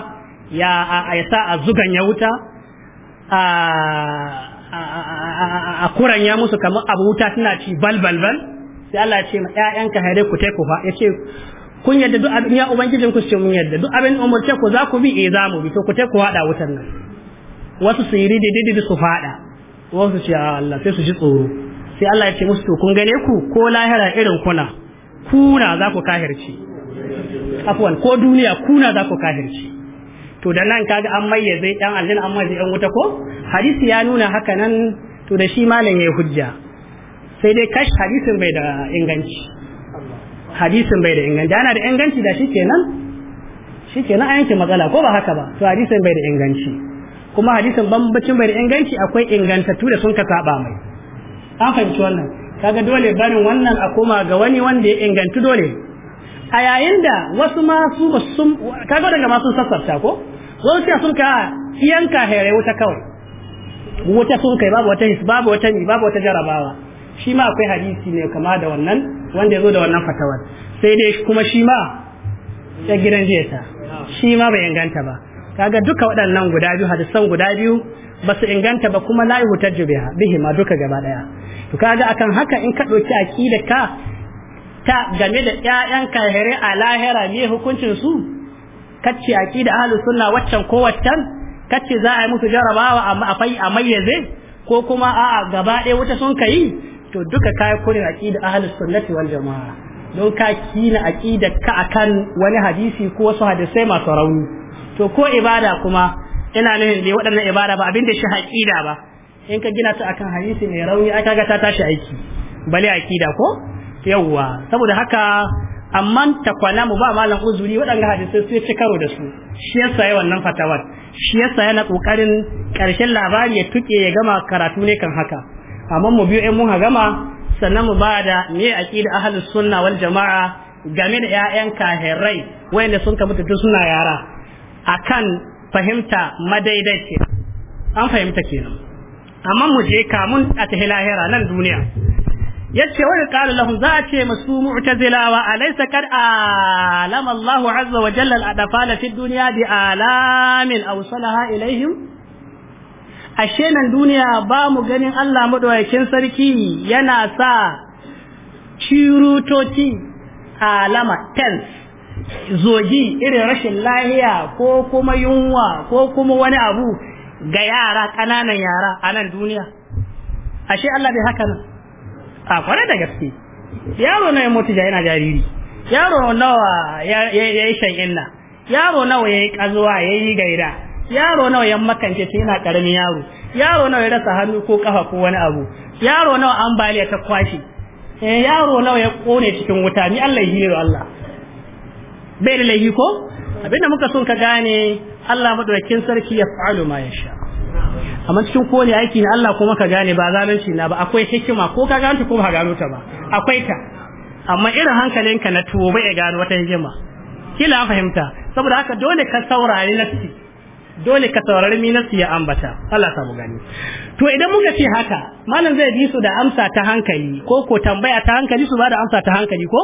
ya a sa a zugan ya wuta a a kuran ya musu kamar abu wuta tana ci bal bal bal sai Allah ya ce ma ƴaƴanka haire ku tai ku fa yace kun yadda duk abin ya ubangijin ku ce mun yadda duk abin umurce ku za ku bi eh za mu bi to ku tai ku wada wutan nan wasu su yi ridididi su fada wasu ce a ah, Allah sai su ji tsoro sai Allah ya ce musu to kun gane ku ko lahira irin kuna kuna za ku kahirci afwan ko duniya kuna za ku kahirci to da nan kaga an mayyaze dan aljin an mayyaze dan wuta ko hadisi ya nuna haka nan to da shi malam yayi hujja sai dai kash hadisin bai da inganci hadisin bai da inganci ana da inganci da shi kenan shi kenan yanke matsala ko ba haka ba to hadisin bai da inganci kuma hadisin bambacin bai da inganci akwai ingantattu da sun ka saba mai an fahimci wannan kaga dole barin wannan a koma ga wani wanda ya ingantu dole a yayin da wasu ma su sun kaga daga masu sassarta ko wasu sai sun ka iyanka hare wuta kawai wuta sun kai babu wata babu wata ni babu wata jarabawa shi ma akwai hadisi ne kama da wannan wanda ya zo da wannan fatawar sai dai kuma shi ma ya gidan jeta shi ma bai inganta ba kaga duka waɗannan guda biyu hadisan guda biyu ba su inganta ba kuma la yuhtaju biha bihi ma duka gaba daya to kaga akan haka in ka ɗauki aqida ka ta game da ƴaƴan kafirai a lahira me hukuncin su kace aqida ahlus sunna waccan ko waccan kace za a yi musu jarabawa amma afai a mayyaze ko kuma a'a gaba ɗaya wuta sun kai to duka kai kurin aqida ahlus sunnati wal jamaa don ka kina aƙidar ka akan wani hadisi ko wasu hadisai masu rauni to ko ibada kuma ina nufin dai waɗannan ibada ba abin da shi haƙida ba in ka gina ta akan hadisi mai rauni ai kaga ta tashi aiki bale aƙida ko yawwa saboda haka amma takwana mu ba malam uzuri waɗanda hadisai sai ci karo da su shi yasa ya wannan fatawar shi yasa yana kokarin karshen labari ya tuke ya gama karatu ne kan haka amma mu biyo in mun gama sannan mu bada me akida ahlus sunna wal jamaa game da ƴaƴan kahirai wayanda sun kamata mutu tun suna yara akan fahimta madaidaici an fahimta kenan amma mu je kamun a ta lahira nan duniya yace wa qala lahum za a ce masu mu'tazilawa alaysa kad alama Allahu azza wa jalla al-adfala fi dunya bi alamin awsalaha ilaihim ashe nan duniya ba mu ganin Allah madawakin sarki yana sa cirutoci alama tense zogi irin rashin lahiya ko kuma yunwa ko kuma wani abu ga yara kananan yara a nan duniya ashe Allah bai haka nan a kware da gaske yaro na ya mutu yana jariri yaro nawa ya yi shan inna yaro nawa ya yi kazuwa ya yi gaida yaro nawa ya makance shi yana karamin yaro yaro nawa ya rasa hannu ko kafa ko wani abu yaro nawa ambaliya ta kwashe? Eh, yaro nawa ya kone cikin wuta ni Allah yi Allah bai da laifi ko abinda muka son ka gane Allah madaukakin sarki ya fa'alu ma yasha amma cikin kowane aiki ne Allah kuma ka gane ba zalunci na ba akwai hikima ko ka gane ko ba gano ta ba akwai ta amma irin hankalinka na tuwo bai gano wata hikima kila fahimta saboda haka dole ka saurari nafsi dole ka saurari minarsu ya ambata Allah samu gani to idan muka ce haka malam zai bi su da amsa ta hankali ko ko tambaya ta hankali su ba da amsa ta hankali ko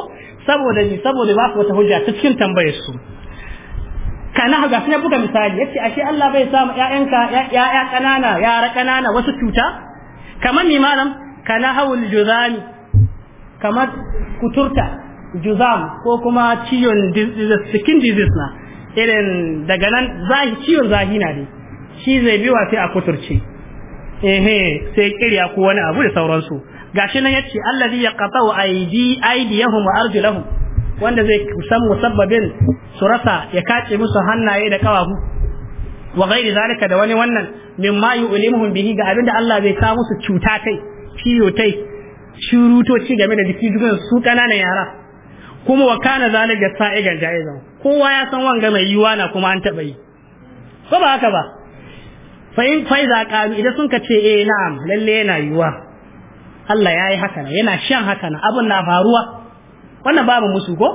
saboda ni saboda ba ku wata hujja cikin tambayar su kana ga sai buga misali yace ashe Allah bai samu ƴaƴanka ƴaƴa kanana yara kanana wasu cuta kamar ni malam kana hawul juzami kamar kuturta juzam ko kuma ciyon cikin disease na irin daga nan zahi ciwon zahi na ne shi zai biwa sai a kuturce ehe sai kirya ko wani abu da sauransu gashi nan yace allazi yaqta'u aidi aidiyahum wa arjulahum wanda zai san musabbabin surasa ya kace musu hannaye da kawafu wa ghairi zalika da wani wannan mimma yu'limuhum bihi ga abinda Allah zai sa musu cuta kai ciyo tai ci game da jiki dukan su kananan yara kuma wa kana zalika sa'igan jaizan kowa ya san wanga mai yiwa na kuma an taba yi ko ba haka ba fa'in faiza ƙaru idan sun ka ce eh na'am lalle yana yiwa Allah ya yi haka yana shan haka na abin na faruwa wannan babu musu ko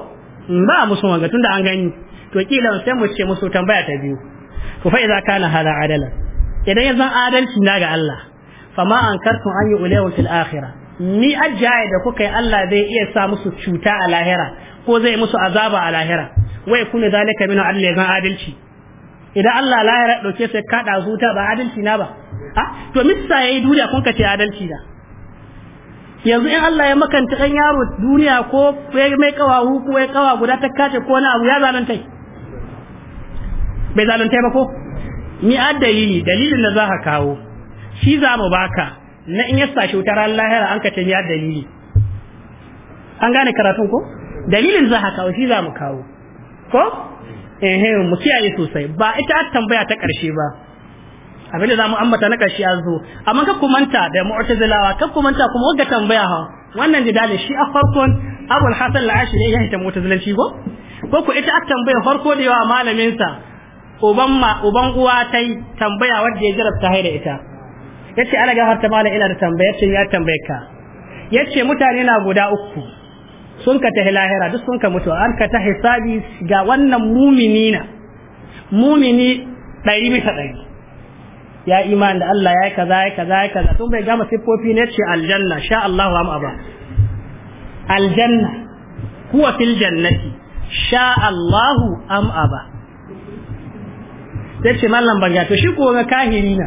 mm, ba musu wanga tunda an gani to kila sai mu ce musu tambaya ta biyu to ka na hada adala idan ya zan adalci na ga Allah fama an kartu an yi ulewa fil akhirah ni ajjaya da kuka yi Allah zai iya sa musu cuta a lahira ko zai musu azaba a lahira wai kuna zalika min Allah ya adalci idan Allah lahira dauke sai kada zuta ba adalci na ba ha to missa yayi duniya kun kace adalci da yanzu in Allah ya makanta kan yaro duniya ko mai kawahu ko ya kawa guda ta kace ko na abu ya zalunta bai zalunta ba ko ni addalili dalilin da za ka kawo shi za mu baka na in ya sashi wutar lahira an kace ni addalili an gane karatun ko dalilin za haka kawo shi za mu kawo ko eh mu kiyaye sosai ba ita tambaya ta karshe ba abin da zamu ambata na karshe an zo amma ka manta da mu'tazilawa ka kumanta kuma wanda tambaya ha wannan jidalin shi a farkon al hasan al ne ya hita mu'tazilanci ko ko ku ita tambaya farko da yawa malamin sa uban ma uban uwa tai tambaya wanda ya jarabta haida ita yace ana ta mala ina da tambaya ce ya tambaye ka yace mutane na guda uku sun ka tahi lahira duk sun ka mutu an ka tahi hisabi ga wannan mumini na mumini ɗari bisa ɗari ya iman da Allah ya yi kaza ya kaza ya kaza tun bai gama siffofi ne ce aljanna sha Allah wa ma'aba aljanna huwa fil jannati sha Allah am aba sai ce mallam banga to shi ko ga kahiri na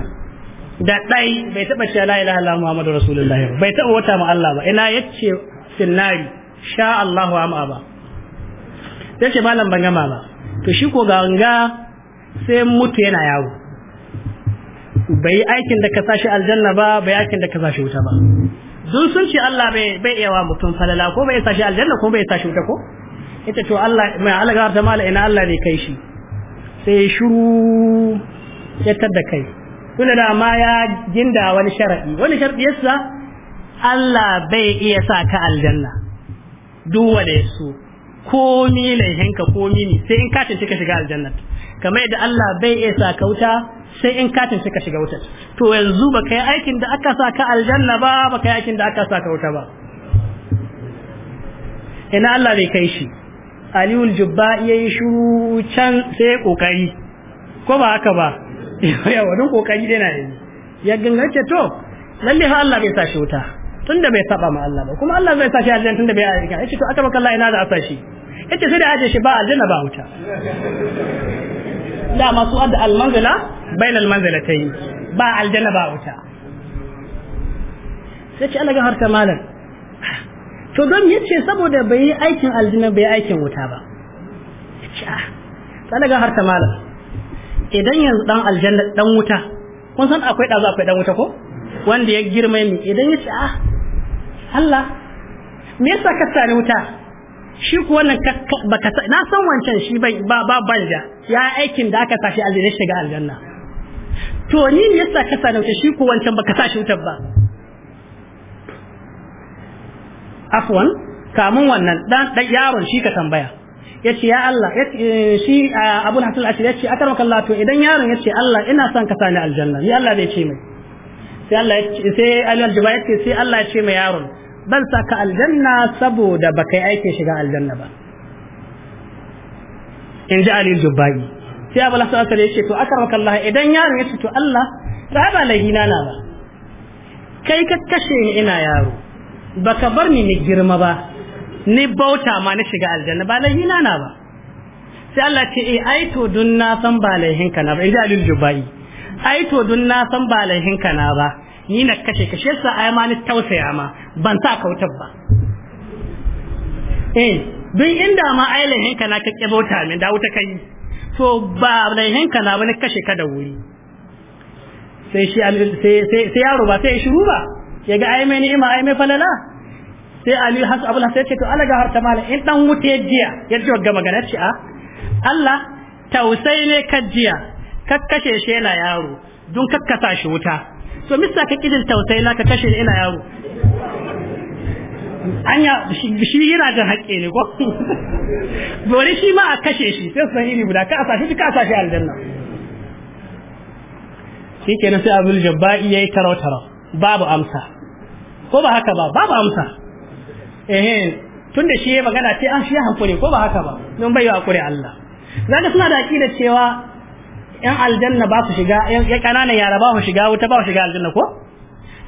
da ɗai bai taɓa ce la ilaha illallah muhammadu rasulullah bai taɓa wata ma Allah ba ina yace sinnari sha Allahu amma ba ya ce malam ban gama ba to shi ko ga wanga sai mutu yana yawo bai aikin da ka sashi aljanna ba bai aikin da ka sashi wuta ba dun sun ce Allah bai bai yawa mutum falala ko bai sashi aljanna ko bai sashi wuta ko ita to Allah mai alagar ta mala ina Allah ne kai shi sai shiru ya da kai kuna da ma ya ginda wani sharadi wani sharadi yasa Allah bai iya sa ka aljanna duk wane su komi laihinka komi ne sai in katin ka shiga aljanna kamar yadda Allah bai iya sa wuta sai in katin ka shiga wutar to yanzu ba kai aikin da aka sa ka aljanna ba ba kai aikin da aka sa ka wuta ba ina Allah bai kai shi Aliyu Jubba yayi shuru can sai kokari ko ba haka ba <laughs> yawa duk kokari dai na yi ya ce to lalle fa Allah bai sa shi wuta tunda bai saba ma Allah ba kuma Allah zai sashi aljanna tunda bai aika yace to akaba kallahi ina da asashi yace sai da aje shi ba aljanna ba wuta <laughs> da masu adda almanzila bain almanzilatayn ba aljanna ba wuta sai ce Allah ga harta malam to don yace saboda bai yi aikin aljanna bai aikin wuta ba sai ah, ga harta malam idan yanzu dan aljanna dan wuta kun san akwai dazu akwai dan wuta ko wanda ya girma ni idan ya ah Allah me yasa ka sani wuta shi ko wannan baka na san wancan shi bai ba banja ya aikin da aka tashi aljanna shiga aljanna to ni me yasa ka sani wuta shi ko wancan baka tashi wutar ba afwan kamun wannan dan dan yaron shi ka tambaya yace ya Allah eh, shi ah, Abu Hasan al-Ashari yace akramaka Allah to idan yaron yace Allah ina son ka sani aljanna ni Allah bai ce mai sai Allah sai Allah jaba ce sai Allah ya ce mai yaron ban saka aljanna saboda ba kai aikin shiga aljanna ba in ji alil dubbai sai abu lasu asali ya ce to aka maka Allah idan yaron ya ce to Allah ba ba lahi na ba kai ka kashe ni ina yaro ba ka bar ni ni girma ba ni bauta ma na shiga aljanna ba lahi na ba sai Allah ce eh ai to dun na san ba laihinka na ba in ji alil dubbai ai to dun na san ba laihinka na ba ni na kashe kashe sa ai ma ni tausaya ma ban sa kautar ba eh duk inda ma ai lahin ka na kake bauta min da wuta kai to ba lahin ka na ba ni kashe ka da wuri sai shi sai sai sai yaro ba sai ya shiru ba ya ga ai mai ni'ima ai mai falala sai Ali has Abul Hasan ya ce to Allah ga ta mala in dan wuta ya jiya ya ji ga magana ce a ah, Allah tausai ne ka jiya kakkashe shi yana yaro don kakkasa shi wuta to mista ka kidin tausayi na ka kashe ina yaro anya shi yana da haƙƙi ne ko <laughs> bore shi ma a kashe shi sai san iri guda ka asashi ka asashi aljanna shikenan sai abul jabba'i yayi taro babu amsa ko ba haka ba babu amsa eh tunda shi yayi magana sai an shi hankuri ko ba haka ba don bai hakuri Allah zaka suna da aqida cewa yan aljanna ba su shiga ya kananan yara ba su shiga wuta ba su shiga aljanna ko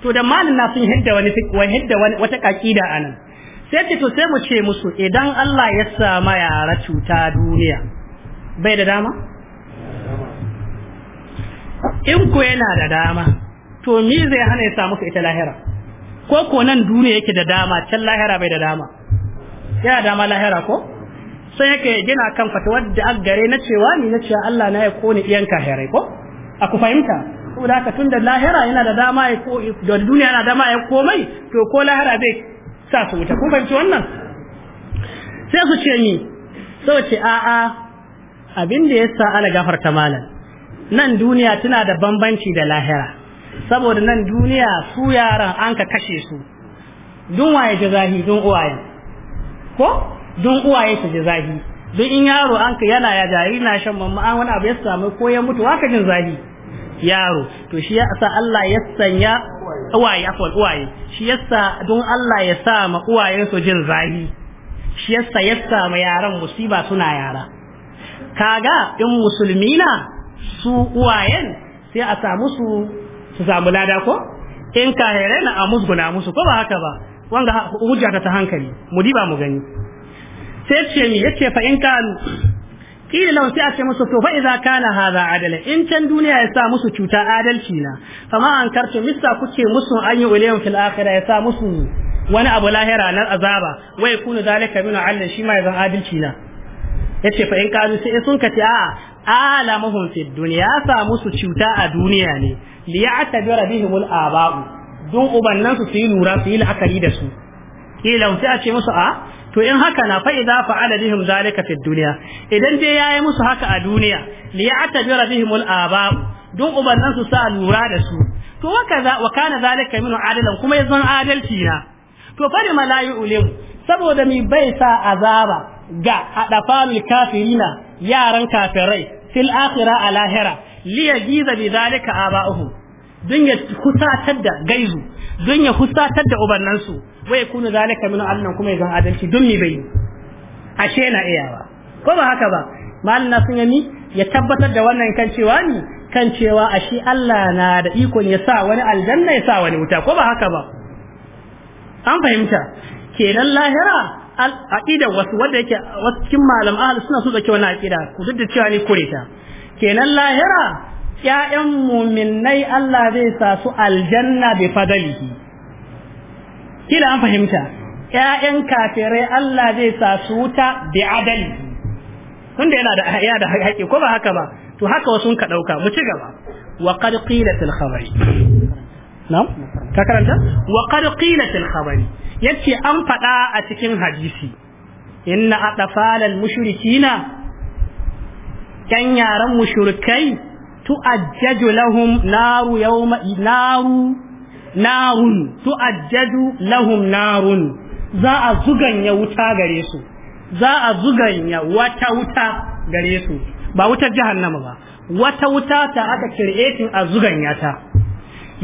to da malin na sun hidda wani wani hidda wani wata kakida anan sai ce to sai mu ce musu idan Allah ya sama yara cuta duniya bai da dama in ku yana da dama to mi zai hana ya samu ita lahira ko ko nan duniya yake da dama can lahira bai da dama yana dama lahira ko sai yake gina kan fatawar da gare na cewa ni na cewa Allah na ya kone iyan kahirai ko a ku fahimta saboda haka tun da lahira yana da dama ya ko da duniya yana da dama ya komai to ko lahira zai sa su wuta kun fahimci wannan sai su ce ni so ce a a abin da yasa ana gafarta malam nan duniya tana da bambanci da lahira saboda nan duniya su yaran an ka kashe su dun waye jazahi dun uwaye ko don uwaye su ji zahi don in yaro an ka yana ya jari na shan mamma an wani abu ya samu ko ya mutu haka jin zahi yaro to shi yasa Allah ya sanya uwaye afwan uwaye shi yasa don Allah ya sa ma uwaye su jin zahi shi yasa ya sa ma yaran musiba suna yara kaga in musulmi na su uwayen sai a samu su su samu lada ko in kahere na a musguna musu ko ba haka ba wanda hujja ta hankali mu diba mu gani sai ce mi yace fa in kanu kila lau sai a ce musu to fa idza kana hadha adala in can duniya ya sa musu cuta adalci na fa ma an kuke musu an yi ulayum fil akhirah ya sa musu wani abu lahira na azaba wai kunu zalika min alla shi ma ya zan adalci na yace fa in kanu sai sun kace a'a alamahum fi dunya ya samu cuta a duniya ne li ya'tabira bihim al-aba'u dun ubannan su su yi lura su yi la'akari da su kila sai a ce musu a to in haka na fa idza fa'ala bihim zalika fid dunya idan dai yayi musu haka a duniya li ya'tabira bihim al aba don ubannan su sa lura da su to wakaza wa kana zalika min adalan kuma yazan adalci na to fari ma la saboda mi bai sa azaba ga adafal kafirina yaran kafirai fil akhirah al ahira li yajiza bi zalika aba'uhum dun ya kusatar da gaizu don ya husatar da ubannansu wai kunu zalika min Allah kuma ya adalci don mi bai ashe na iyawa ko ba haka ba mallan na sun yi ya tabbatar da wannan kan cewa ni kan cewa ashe Allah na da iko ya sa wani aljanna ya sa wani wuta ko ba haka ba an fahimta kenan lahira aqida wasu wanda yake wasu cikin malam ahlus suna su zake wannan aqida ku duk da cewa ni kureta ta kenan lahira ƴaƴan muminai Allah zai sa su aljanna bi fadalihi kila an fahimta ƴaƴan kafirai Allah zai sa su wuta bi adali da yana da ya da haƙi ko ba haka ba to haka wasu ka dauka mu ci gaba wa qad qila fil khabari na'am ka karanta wa qad qila fil yace an faɗa a cikin hadisi inna atfalal mushrikina kan yaran mushrikai tu'ajjaju lahum naru yawma naru narun tu'ajjaju lahum narun za a zuganya wuta gare su za a zuganya wata wuta gare su ba wutar jahannama ba wata wuta ta aka kir'etin a zuganya ta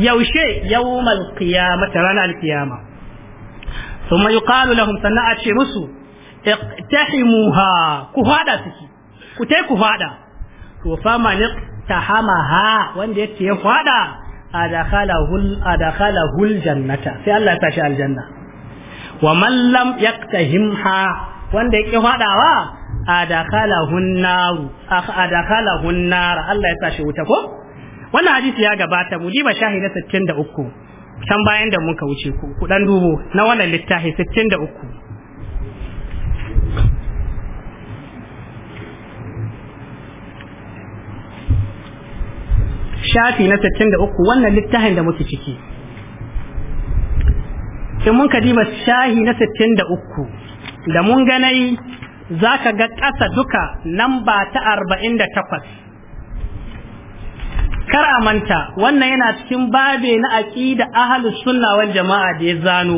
yaushe yawmal qiyamah ranar qiyama thumma yuqalu lahum sana'a ce iqtahimuha ku fada suke ku tai ku fada to fama ne taqtahamaha wanda yake ya fada adakhalahul adakhalahul jannata sai Allah ya tashi aljanna wa man lam yaktahimha wanda yake fadawa adakhalahun nar akh adakhalahun nar Allah ya tashi wuta ko wannan hadisi ya gabata mu diba shahida 63 can bayan da muka wuce ku dan dubo na wannan littafi 63 shafi na 63 wannan littafin da muke ciki in mun kadima shahi na 63 da mun ganai za ka ga ƙasa duka namba ta 48 kar a manta wannan yana cikin babe na aqida ahlus sunna wal jama'a da ya zano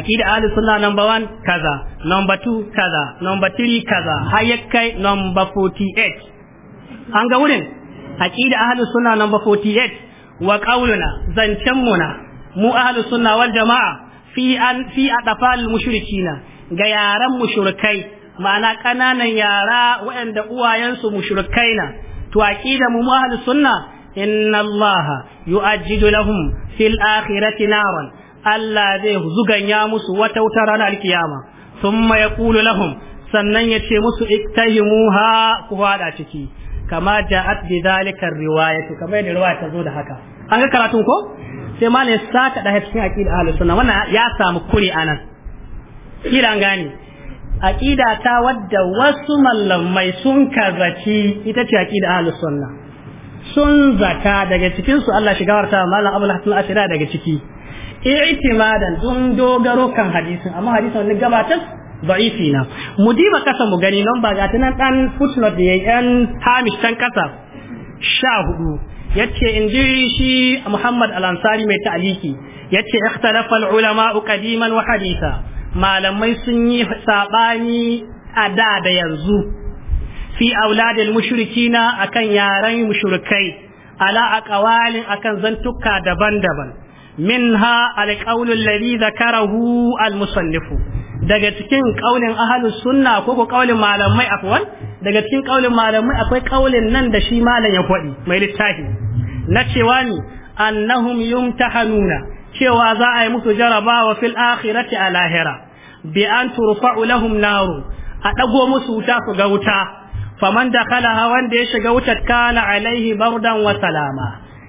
aqida ahlus sunna number 1 kaza number 2 kaza number 3 kaza har ya number 48 an ga wurin aqida ahlu sunna number 48 wa qauluna zancen mu na mu ahlus sunna wal jamaa fi an fi adafal mushrikina ga yaran mushrikai ma'ana kananan yara waɗanda uwayensu mushrikai na to aqida mu ahlus sunna inna allaha yu'ajjidu lahum fil akhirati naran Allah zai zuganya musu wata wutar ranar alkiyama thumma yaqulu lahum sannan ya ce musu iktahimuha ku fada ciki kama ja'at bi zalika riwayatu kamar da riwaya ta zo da haka an ga karatun ko sai ma ne saka da cikin aqida ahlus sunna wannan ya samu kuri a anan kira gane aƙida ta wadda wasu mallamai sun kazaci ita ce aqida ahlus sunna sun zaka daga cikin su Allah shigawarta mallam Abdul Hasan Ashira daga ciki i'timadan sun dogaro kan hadisin amma hadisin wani gabatar da'ifi na mu diba kasa mu gani nan ba ga ta nan dan footnote yayin yan hamish tan kasa sha hudu yace in ji shi Muhammad al-Ansari mai ta'aliki yace ikhtalafa al-ulama qadiman wa haditha malamai sun yi sabani a da da yanzu fi aulad al-mushrikina akan yaren mushrikai ala aqwalin akan zantuka daban-daban minha al-qawl alladhi dhakarahu al-musannifu daga cikin kaulin ahalus sunna ko ko kaulin malamai afwan daga cikin kaulin malamai akwai kaulin nan da shi malam ya kuɗi. mai littafi na cewa ni annahum yumtahanuna cewa za a yi musu jarabawa fil akhirati a lahira bi an turfa'u lahum naru a dago musu wuta su ga wuta faman dakalaha wanda ya shiga wutar kana alaihi bardan wa salama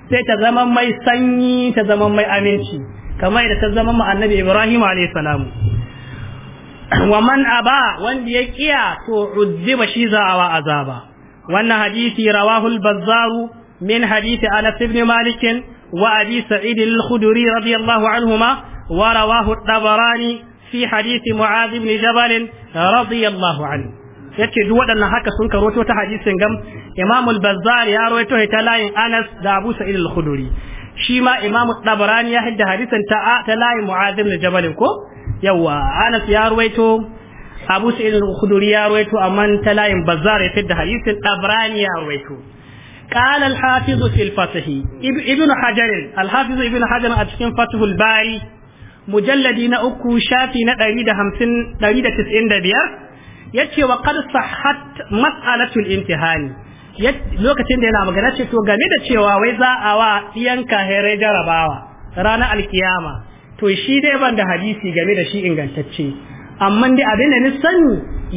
sai ta zama mai sanyi ta zama mai aminci kamar da ta zama mu annabi ibrahim alayhi salamu <coughs> wa man aba wanda ya kiya to uzziba shi za azaba wannan hadisi rawahu al-bazzaru min hadisi anas ibn malik wa abi sa'id al-khudri radiyallahu anhuma wa rawahu at-tabarani fi hadisi mu'adh ibn jabal radiyallahu anhu yace duk waɗannan haka sun karoto ta hadisin gam imam al-bazzar ya rawaito ta layin anas da abu sa'id al-khudri shi ma imam at-tabarani ya hadda hadisin ta ta layin mu'adh ibn jabal ko yawa Anas ya ruwaito Abu Sa'id al ya ruwaito amman talayin Bazzar ya da hadisin Tabrani ya ruwaito قال الحافظ في الفتح ابن حجر الحافظ ابن حجر أتكين فتح الباري mujalladi na uku shafi na ɗari da hamsin ɗari da tis'in da biyar ya ce wa kar sahat mas'alatul intihani lokacin da yana magana ce to game da cewa wai za a wa ɗiyan kahirai jarabawa ranar alkiyama to shi dai ban da hadisi game da shi ingantacce amma dai abin da ni sani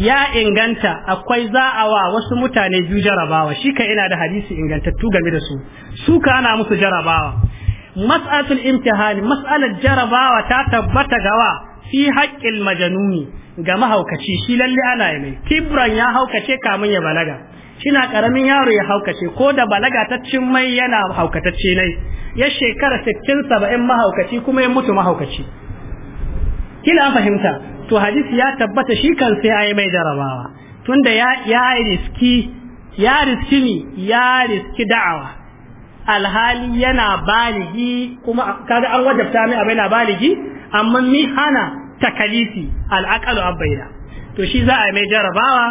ya inganta akwai za wasu mutane biyu jarabawa shi ka ina da hadisi ingantattu game da su su ka ana musu jarabawa mas'alatul imtihan mas'alar jarabawa ta tabbata gawa fi haqqil majanuni ga mahaukaci shi lalle ana yi mai kibran ya haukace kamun ya balaga shina karamin yaro ya haukace ko da balaga ta cin mai yana haukatacce nai ya shekara 60 70 mahaukaci kuma ya mutu mahaukaci kila an fahimta to hadisi ya tabbata shi kan sai ayi mai jarabawa tunda ya ya riski ya riski ni ya riski da'awa alhali yana baligi kuma kaga an wajabta mai abai na baligi amma mi hana takalisi al'aqalu abaina to shi za a yi mai jarabawa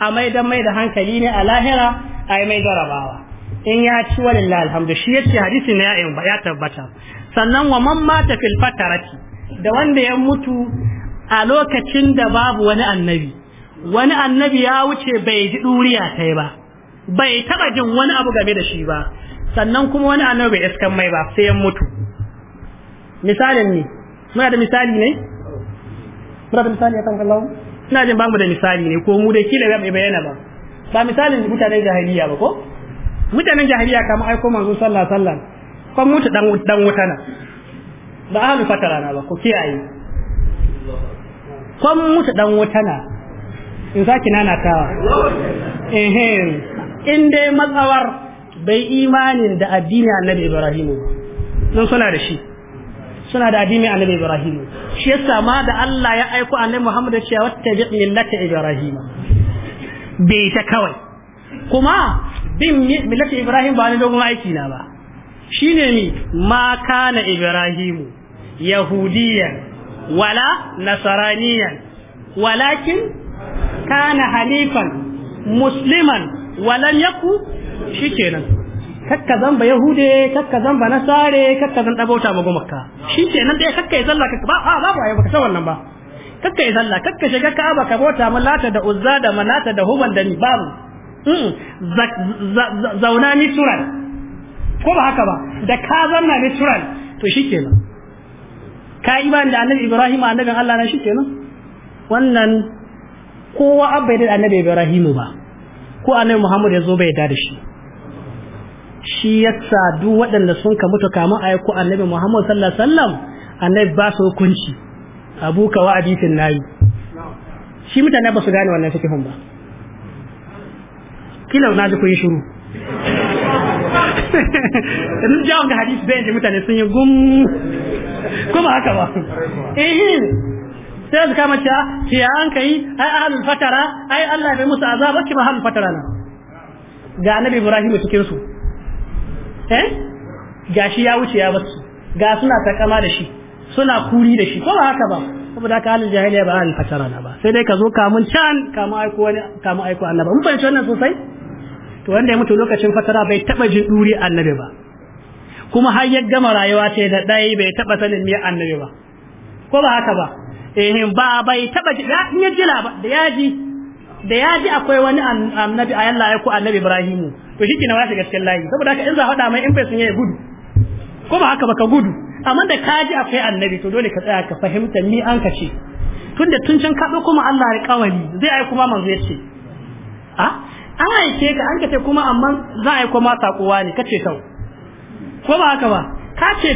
a mai dan mai da hankali ne a lahira a yi mai jarabawa in ya ci wa lalla alhamdu shi yace hadisi na ya ya tabbata sannan wa man mata fil fatarati da wanda ya mutu a lokacin da babu wani annabi wani annabi ya wuce bai ji duriya kai ba bai taba jin wani abu game da shi ba sannan kuma wani annabi bai iskan mai ba sai ya mutu misalin ne muna da misali ne muna da misali akan kallon ina jin bamu da misali ne ko mu da kila bai bayyana ba ba misalin mutanen jahiliya ba ko mutanen jahiliya kama aiko manzo sallah sallah kon mutu dan dan wuta na ba ahlu fatara na ba ku kiyaye kon mutu dan wuta na in saki nana tawa ehem in dai matsawar bai imanin da addini annabi ibrahim Sun suna da shi suna da addini annabi ibrahim shi yasa ma da Allah ya aiko annabi Muhammad cewa wattabi millata ibrahim bai ta kawai kuma bin millati ibrahim ba ni dogon aiki na ba shine ni ma kana ibrahimu yahudiyan wala nasaraniyan walakin kana halifan musliman walan yaku shikenan kakka zamba yahude kakka zamba nasare kakka zan dabauta ma gumakka shikenan dai kakka ya sallah kakka ba ba ba baka san wannan ba kakka ya sallah kakka shiga ka'aba ka bauta ma lata da uzza da manata da huban da ni babu zauna natural ko ba haka ba da ka zanna natural to shi ke ka imani da annabi Ibrahim annabin Allah na nan wannan kowa an bai da annabi Ibrahim ba ko annabi Muhammad ya zo bai da da shi shi ya duk waɗanda sun ka mutu kamun a ko annabi Muhammad sallallahu alaihi wasallam annabi ba su hukunci abuka wa hadisin nayi shi mutane ba su gane wannan fikihun ba kila na ji kun yi shiru in ji ga hadisi zai mutane sun yi gum Kuma haka ba eh sai su kama cewa ya an kai ai ahlul fatara ai Allah bai musu azaba ki ba ahlul fatara na ga annabi Ibrahim cikin su eh gashi ya wuce ya basu ga suna takama da shi suna kuri da shi kuma ba haka ba saboda ka halin jahiliya ba ahlul fatara na ba sai dai ka zo kamun can kamun aiko wani kamun aiko annaba mun fahimci wannan sosai to wanda ya mutu lokacin fatara bai taba jin duri annabi ba kuma har ya gama rayuwa ce da dai bai taba sanin me annabi ba ko ba haka ba eh ba bai taba in ya ji da yaji da yaji akwai wani annabi a Allah ya ku annabi Ibrahim to shi kina wata gaskiyar layi saboda haka in za faɗa mai in bai sun yi gudu ko ba haka ba ka gudu amma da ka ji akwai annabi to dole ka tsaya ka fahimta ni an ka ce tunda tun can ka kuma Allah ya kawali zai ai kuma manzo ya ce a ah? an aike ka an kace kuma amma za a aiko ma saƙowa ne kace tau ko ba haka ba ka ce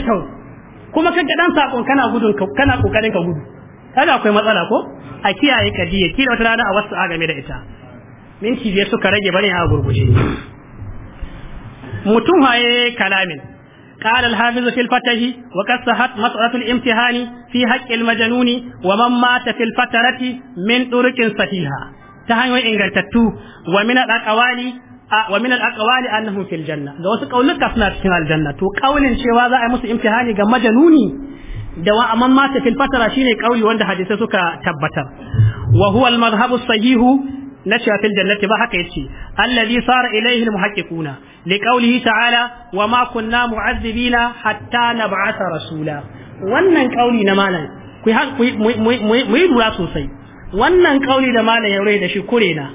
kuma kaga dan saƙon kana gudun kana kokarin ka gudu kaga akwai matsala ko a kiyaye kadiya kila wata rana a wasu a game da ita minti biyar suka rage bane a gurguje mutum haye kalamin قال الحافظ في الفتح وقد صحت مسألة الامتحان في حق المجنون ومن مات في الفترة من طرق صحيحة ta hanyoyin ingantattu wa min al-aqwali wa min al-aqwali annahum fil janna da wasu kauluka suna cikin aljanna to kaulin cewa za a yi musu imtihani ga majanuni da wa amman ma fil fatara shine kauli wanda hadisai suka tabbatar wa huwa al-madhhabu sahihu na cewa fil jannati ba haka yace alladhi sara ilayhi al-muhaqqiquna liqawlihi ta'ala wa ma kunna mu'azzibina hatta nab'atha rasula wannan kauli na malam ku yi lura sosai wannan kauli da malam ya rai da shi kure na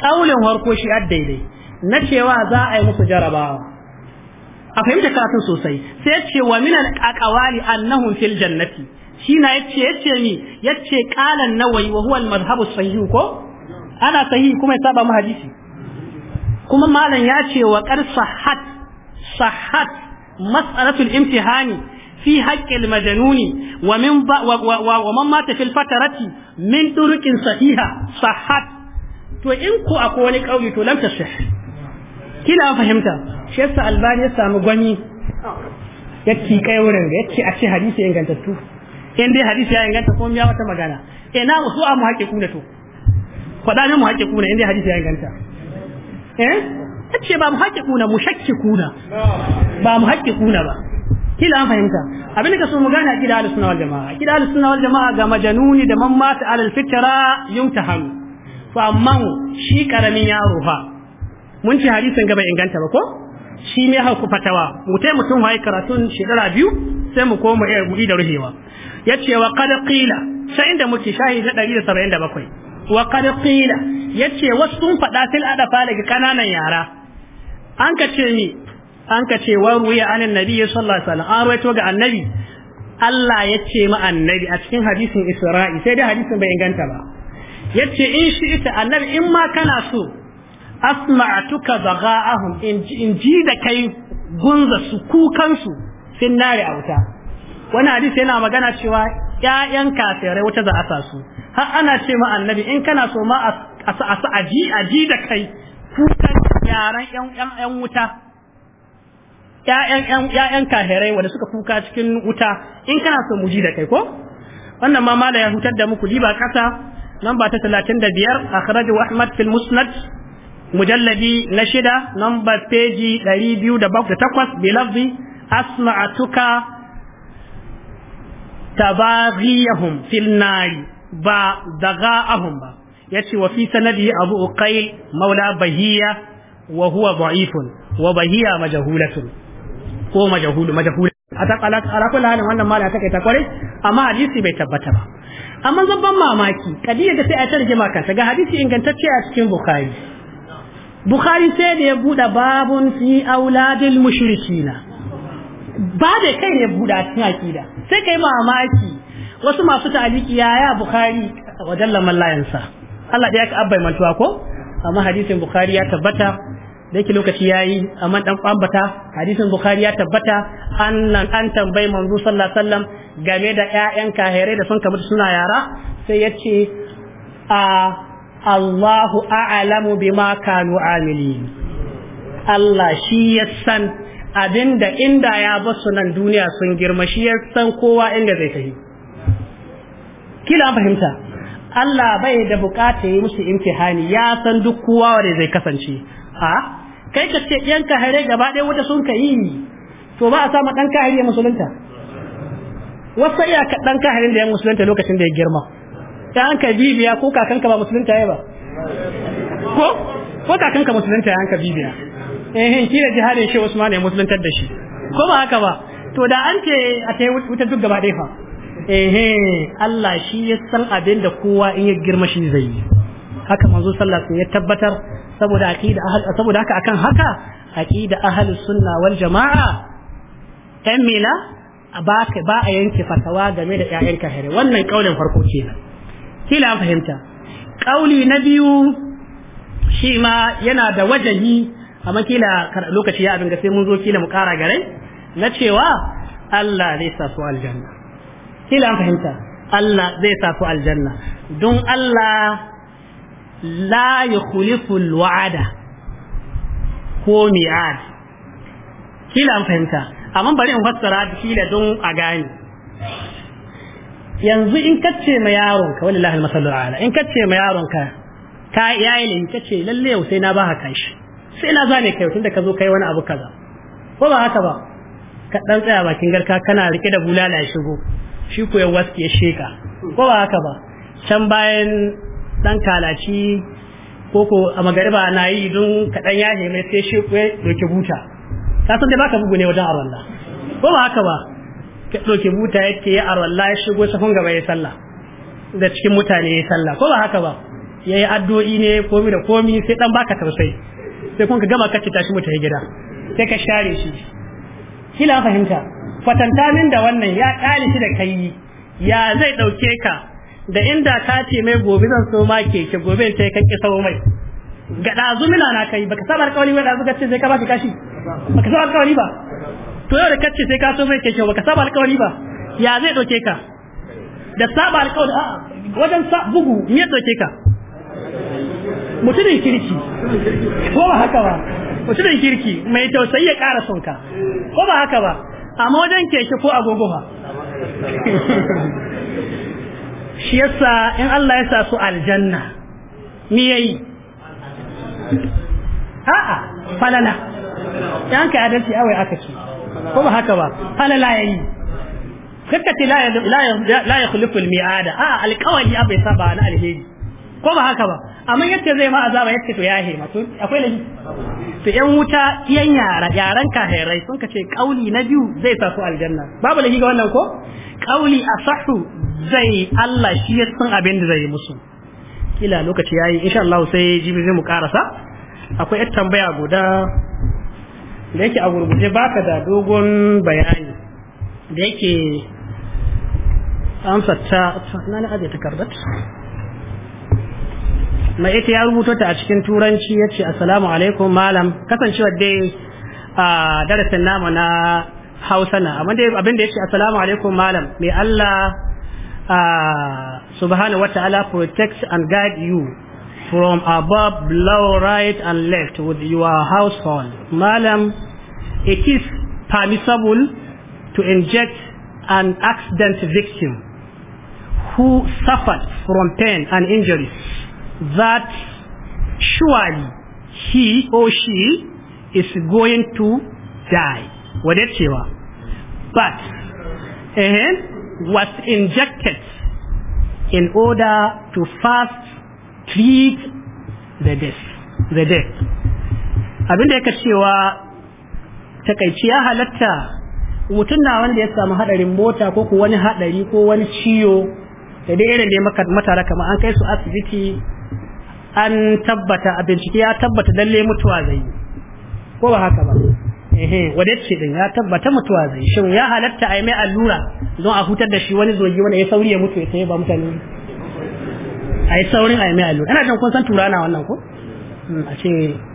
kaulin harko shi daidai na cewa za a yi musu jarabawa a fahimta karatun sosai sai ce wa min al-aqwali annahum fil jannati shi na yace yace ni yace qalan nawai wa huwa al-madhhabu sahih ko ana sahih kuma ya saba mu hadisi kuma malam ya ce wa qad sahhat sahhat mas'alatul imtihani fi haƙƙil majanuni wa min wa man mata fil fatarati min turuqin sahiha sahat to in ko akwai wani kauli to lam tasih kina fahimta shi yasa albani samu gwani kai wurin da yake a ce hadisi ingantattu in dai hadisi ya inganta ko miya wata magana ina su a mu haƙe kuna to faɗa ne mu haƙe kuna in dai hadisi ya inganta eh ce ba mu haƙe kuna mu shakke kuna ba mu haƙe kuna ba kila an fahimta abin da so mu gane akida ahlus sunna wal jamaa kila al sunna wal jamaa ga majanuni da mamata al fitra yumtahan to amma shi karamin yaro fa mun ci hadisin gaba inganta ba ko shi ne hauku fatawa mutai mutum wai karatun shekara biyu sai mu koma iya eh, mu da ruhewa yace wa qad qila sai inda muke shahi da 177 wa qad qila yace wasu sun fada sai ada fara daga kananan yara an ka ce ni an ka ce wa ruwiya anan nabi sallallahu alaihi wasallam an rawaito ga annabi Allah ya ce ma annabi a cikin hadisin Isra'i sai dai hadisin bai inganta ba yace in shi ita annabi in ma kana so asma'atuka zaga'ahum in in ji da kai gunza su kukan su sun nare a wuta wani hadisi yana magana cewa ƴaƴan kafirai wuta za a sa su har ana ce ma annabi in kana so ma a sa a ji da kai kukan yaran ƴan wuta ƴaƴan kahirai wanda suka kuka cikin wuta in kana son mu ji da kai ko wannan ma mala ya hutar da muku diba kasa namba ta 35 akhrajahu ahmad fil musnad mujalladi na shida namba peji 208 asma lafzi tuka tabaghiyahum fil nari ba dagha'ahum ba yace wa fi sanadi abu uqail maula bahiya wa huwa da'ifun wa bahiya majhulatun ko majahulu majahulu a ta kala ala kullu halin wannan mala ta kai ta kware amma hadisi bai tabbata ba amma zan mamaki kadiya da sai a tarjima kansa ga hadisi ingantacce a cikin bukhari bukhari sai da ya buɗe babun fi auladil mushrikina ba da kai ne buda cikin akida sai kai mamaki wasu masu ta'aliki yaya bukhari wajen laman Allah da ya ka abbai mantuwa ko amma hadisin bukhari ya tabbata da yake lokaci yayi amma ɗan bambata hadisin bukhari ya tabbata annan an tambayi manzo sallallahu alaihi game da ƴaƴan kahere da sun kamata suna yara sai yace a Allahu a'lamu bima kanu amilin Allah shi ya san abinda inda ya basu nan duniya sun girma shi ya san kowa inda zai tafi kila fahimta Allah bai da bukata yi musu imtihani ya san duk kowa wanda zai kasance ha kai ka ce yan kahare gaba ɗaya wata sun ka yi to ba a sama ɗan kahare ya musulunta wasu ka ɗan kaharin da ya musulunta lokacin da ya girma ta an ka bibiya ko kakanka ba musulunta ya ba ko ko kakanka musulunta ya an ka bibiya eh kila jihadin shi Usman ya musulunta da shi ko ba haka ba to da an ce a ta wuta duk gaba ɗaya fa eh Allah shi ya san abin da kowa in ya girma shi zai yi haka manzo sallallahu alaihi ya tabbatar saboda aqida ahl saboda haka akan haka aqida ahlus sunna wal jamaa ɗan mina ba ba a yanke fatawa game da ƴaƴan kahire wannan kaulin farko kenan kila an fahimta kauli na biyu shi ma yana da wajahi amma kila lokaci ya abin ga sai mun zo kila mu kara garai na cewa Allah zai sa su aljanna kila an fahimta Allah zai sa su aljanna don Allah la yukhlifu wa'ada ko mi'ad kila an fahimta amma bari in fassara kila don a gane yanzu in kace ma yaron ka wallahi al-masallu ala in kace ma yaron ka ka yayi ne kace lalle yau sai na ba haka shi sai na zane kai tunda ka zo kai wani abu kaza ko ba haka ba ka dan tsaya bakin garka kana rike da bulala ya shigo shi ko ya waske ya sheka ko ba haka ba can bayan dan kalaci ko ko a magariba na yi idan kaɗan ya mai sai shi ya ɗauke buta ta san dai baka bugu ne wajen arwallah ko ba haka ba ka ɗauke buta yake ya arwallah ya shigo safin gaba ya sallah da cikin mutane ya sallah ko ba haka ba ya yi addu'o'i ne komi da komi sai ɗan baka tausayi sai kun ka gama kacce tashi mu tafi gida sai ka share shi kila fahimta kwatanta min da wannan ya kalishi da kai ya zai ɗauke ka da inda ka ce mai gobe zan so ma ke gobe ta kan ki sawo mai ga dazu mina na kai baka sabar alƙawari wai dazu gace sai ka ba kashi baka sabar alƙawari ba to yau da kace sai ka so mai ke baka sabar alƙawari ba ya zai doke ka da sabar alƙawari a wajen sa bugu ni ya doke ka mutumin kirki ko ba haka ba mutumin kirki mai tausayi ya ƙara son ka ko ba haka ba amma wajen keke ko agogo ba <laughs> shi yasa in Allah ya sa su aljanna me yayi a'a falala dan ka adalci awai aka ce ko ba haka ba falala yayi kakkati la la la yakhlifu al mi'ada a alqawli abai saba na alheri ko ba haka ba amma yace zai ma azaba yace to ya hema to akwai laji to yan wuta yan yara yaran herai sun kace kauli na biyu zai sa aljanna babu laji ga wannan ko kauli asahu zai Allah shi ya san abin da zai musu kila lokaci yayi insha Allah sai jibi zai mu karasa akwai yar tambaya guda da yake a gurguje baka da dogon bayani da yake amsa ta na na takardar mai ita ya rubuto ta a cikin turanci ya ce assalamu alaikum malam kasancewa dai a darasin namu na hausa na amma dai ya ce assalamu alaikum malam mai Allah subhanahu wa ta'ala protect and guide you from above below right and left with your household malam it is permissible to inject an accident victim who suffered from pain and injuries that surely he or she is going to die wadda but uh, was injected in order to fast treat the death the death abinda yake cewa takaici ya halatta mutum na wanda ya samu hadarin mota ko wani hadari ko wani ciwo da dai irin da matara kamar an kai su asibiti an tabbata a bincike ya tabbata lalle mutuwa zai yi ko ba haka ba ehe wadatce din ya tabbata mutuwa zai shin ya halatta a yi mai allura don a hutar da shi wani zogi wani ya sauri ya mutu ya sai ba mutane a yi saurin a yi mai allura ana jin kun san turana wannan ko hmm, a ce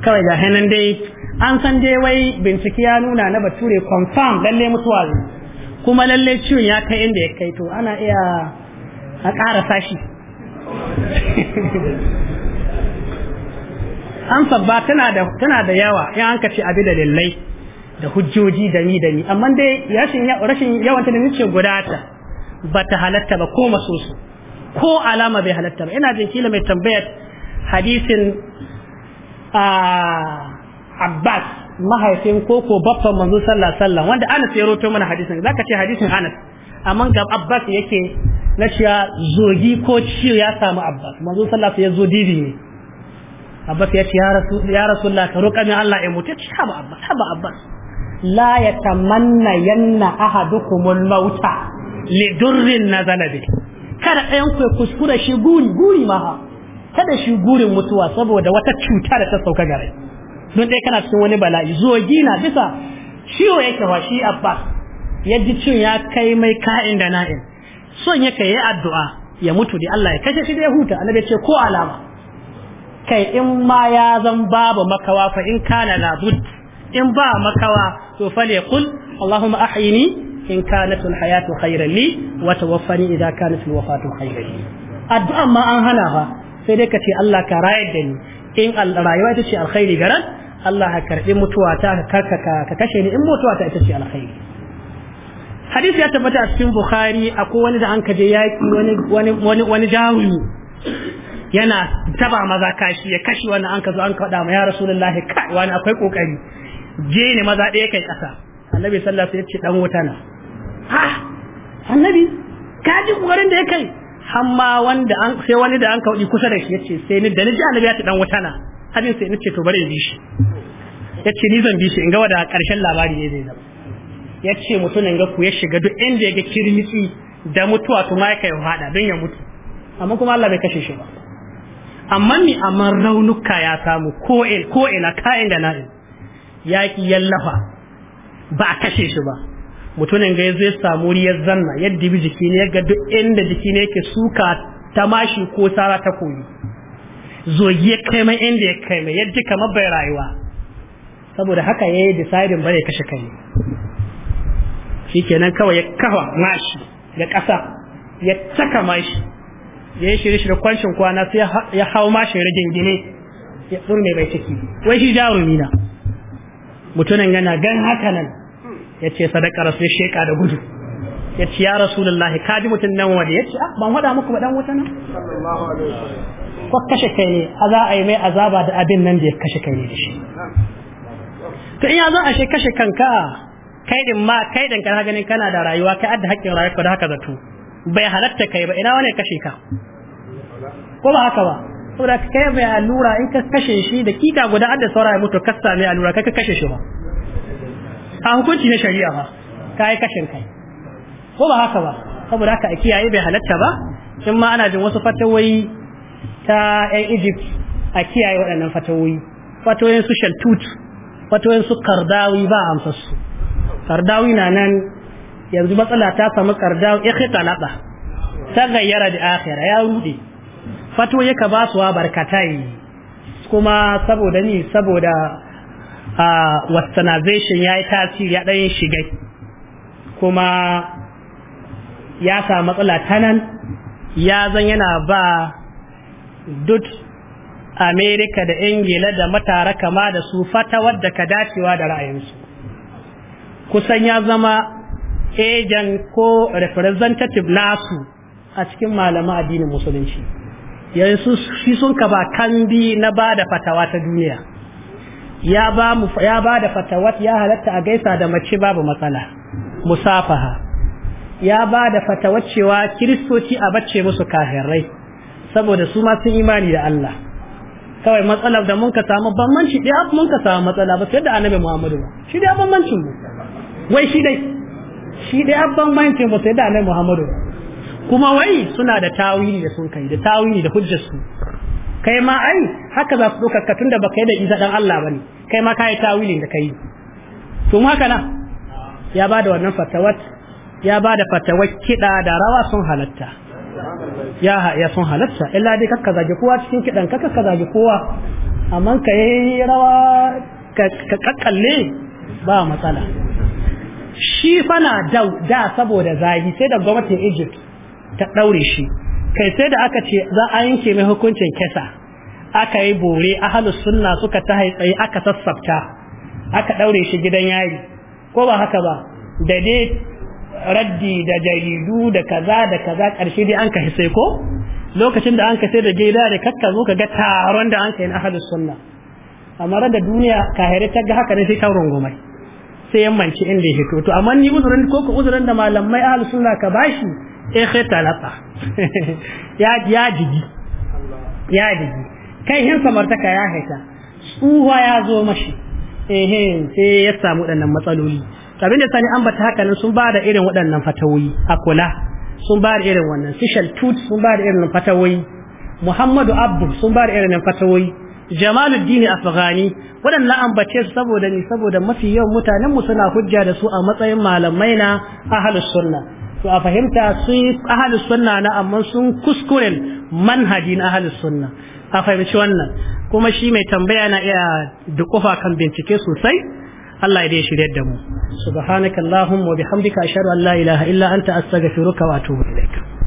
kawai ga hannun dai an san dai wai bincike ya nuna na bature confirm lalle mutuwa zai kuma lalle ciwon ya kai inda ya kai to ana iya a ƙara sashi <laughs> An ba tana da tana da yawa in an kace abi da lallai da hujjoji da ni da ni amma dai rashin rashin yawan ta da nice guda ta ba ta halatta ba ko masusu ko alama bai halatta ba ina jin kila mai tambayar hadisin a Abbas mahaifin koko babban manzo sallallahu alaihi wasallam wanda Anas ya roto mana hadisin zaka ce hadisin Anas amma ga Abbas yake na cewa zogi ko ciwo ya samu Abbas manzo sallallahu alaihi wasallam ya zo didi ne abbas ya ce ya rasu rasulullah ka roƙa min Allah ya mutu haba abbas haba abbas la tamanna yanna ahadukumul mauta li durrin nazala bi kada ɗayan ku kuskura shi guri guri ma kada shi gurin mutuwa saboda wata cuta da ta sauka gare don dai kana cikin wani bala'i Zuwa gina bisa ciwo yake wa shi abbas ji cin ya kai mai ka'in da na'in son yake yi addu'a ya mutu da Allah ya kashe shi da ya huta annabi ce ko alama kai in ma ya zan babu makawa fa in kana labud in ba makawa to fale kul Allahumma ahyini in kanat alhayatu khayran li wa tawaffani idha kanat alwafatu khayran li addu'a ma an hana fa sai dai ka ce Allah ka rayar da ni in rayuwa ita ce alkhairi garan Allah ka karbi mutuwa ta ka ka kashe ni in mutuwa ta ita ce alkhairi hadisi ya tabbata a cikin bukhari akwai wani da an kaje yaki wani wani wani wani yana taba maza kashi ya kashi wani an ka zo an kaɗa ma ya rasulullahi kai wani akwai kokari je ne maza ɗaya kai ƙasa annabi sallallahu alaihi wasallam ya ce dan wuta na ha annabi ka ji kokarin da ya kai hamma wanda an sai wani da an kaudi kusa da shi yace sai ni da ni ji annabi ya ce dan wuta na hadin sai ni ce to bari in bi shi yace ni zan bi shi in ga wada karshen labari ne zai zama yace mutumin ga ku ya shiga duk inda ya ga kirmitsi da mutuwa to ma ya kai hada don ya mutu amma kuma Allah bai kashe shi ba amma ni amma raunuka ya samu ko in ka'in da na'in yaki yallafa ba a kashe shi ba mutumin ga zai samu riyar zanna yadda bi jiki ne yaga duk inda jiki ne yake suka ta mashi ko sara ta koyi zogi ya kai mai inda ya kai mai yadda kama bai rayuwa saboda haka ya yi decidin bare kashe kai shi kenan kawai ya kawa mashi ga kasa ya caka mashi ya yi shirye-shirye kwancin kwana sai ya hau mashin rajin gine ya mai bai ciki wai shi jarumi na mutunan yana gan haka nan ya ce sadaka rasu ya sheka da gudu ya ce ya rasulullahi ka ji mutum nan wani ya ce a ah, ban wada muku ba dan wuta nan kwa kashe kai ne a za a yi mai azaba da abin nan da ya kashe kai ne da shi to in ya zo a kashe kanka kai din ma kai din kana ganin kana da rayuwa kai adda haƙƙin rayuwa da haka zato bai halatta kai ba ina wani kashe ka ko ba haka ba saboda kai bai allura in ka kashe shi da kika guda adda saura ya mutu kasta mai allura kai ka kashe shi ba a hukunci na shari'a ba kai kashin kai ko ba haka ba saboda haka a kiyaye bai halatta ba in ma ana jin wasu fatawoyi ta yan Egypt a kiyaye waɗannan fatawoyi fatawoyin su shaltut fatawoyin su kardawi ba amsa su kardawi na nan yanzu matsala ta samu karda ya talaba ta gayyara da akhira ya rude fato yaka ba suwa barkatai kuma saboda ni saboda a wasanization ya tasiri ya dan shigai kuma ya samu matsala ta nan ya zan yana ba duk amerika da ingila da matara kama da su fata wadda ka dacewa da ra'ayinsu kusan ya zama ejan ko representative nasu a cikin malaman addinin musulunci yanzu shi sun ka ba kambi na ba da fatawa ta duniya ya ba da fatawa ya halatta a gaisa da mace babu matsala musafaha ya ba da fatawa cewa kiristoci a bacce musu kafirai saboda su ma sun imani da Allah kawai matsalar da mun ka samu bambanci ɗaya mun ka samu matsala ba sai da annabi Muhammadu ba shi dai bambancin mu wai shi dai shi dai abban banci ba sai da nan Muhammadu kuma wai suna da tawili da sun kai da tawili da hujjar su kai ma ai haka za su ɗaukar katun da baka yi da isa dan Allah bane kai ma kai tawilin da kai to haka na ya ba da wannan fatawat ya ba da fatawar kiɗa da rawa sun halatta ya ya sun halatta illa dai kakka zage kowa cikin kiɗan kakka ka zage kowa amma ka yi rawa ka kakkalle ba matsala shi fana da da saboda zagi sai da gwamnatin Egypt ta daure shi kai sai da aka ce za a yanke mai hukuncin kisa aka yi bore ahlus sunna suka ta haitsayi aka sassafta aka daure shi gidan yari. ko ba haka ba da dai raddi da jaridu da kaza da kaza karshe dai an ka hisai ko lokacin da an ka sai da gida da kakka zo ka ga taron da an ka yi na ahlus sunna amma da duniya ka kahire ta ga haka ne sai ta rungumai sai ya manci inda ya hito to amma ni uzurin ko ko uzurin da malamai ahlus sunna ka bashi eh khitalata <laughs> ya ya digi ya digi kai hin samartaka ya haita tsuwa ya zo mashi eh, eh sai ya samu waɗannan matsaloli abinda sani an bata haka nan sun ba da irin waɗannan fatawoyi a kula sun ba da irin wannan social tooth sun ba da irin fatawoyi muhammadu abdu sun ba da irin fatawoyi jamaluddin afghani waɗannan ambace su saboda ni saboda mafi yawan mutanen mu suna hujja da su a matsayin malamai na ahlus sunna to a fahimta sun ahlus sunna na amma sun kuskuren manhajin ahlus sunna a fahimci wannan kuma shi mai tambaya na iya dukufa kan bincike sosai Allah ya dai shiryar da mu subhanakallahumma wa bihamdika ashhadu an la ilaha illa anta astaghfiruka wa atubu ilaik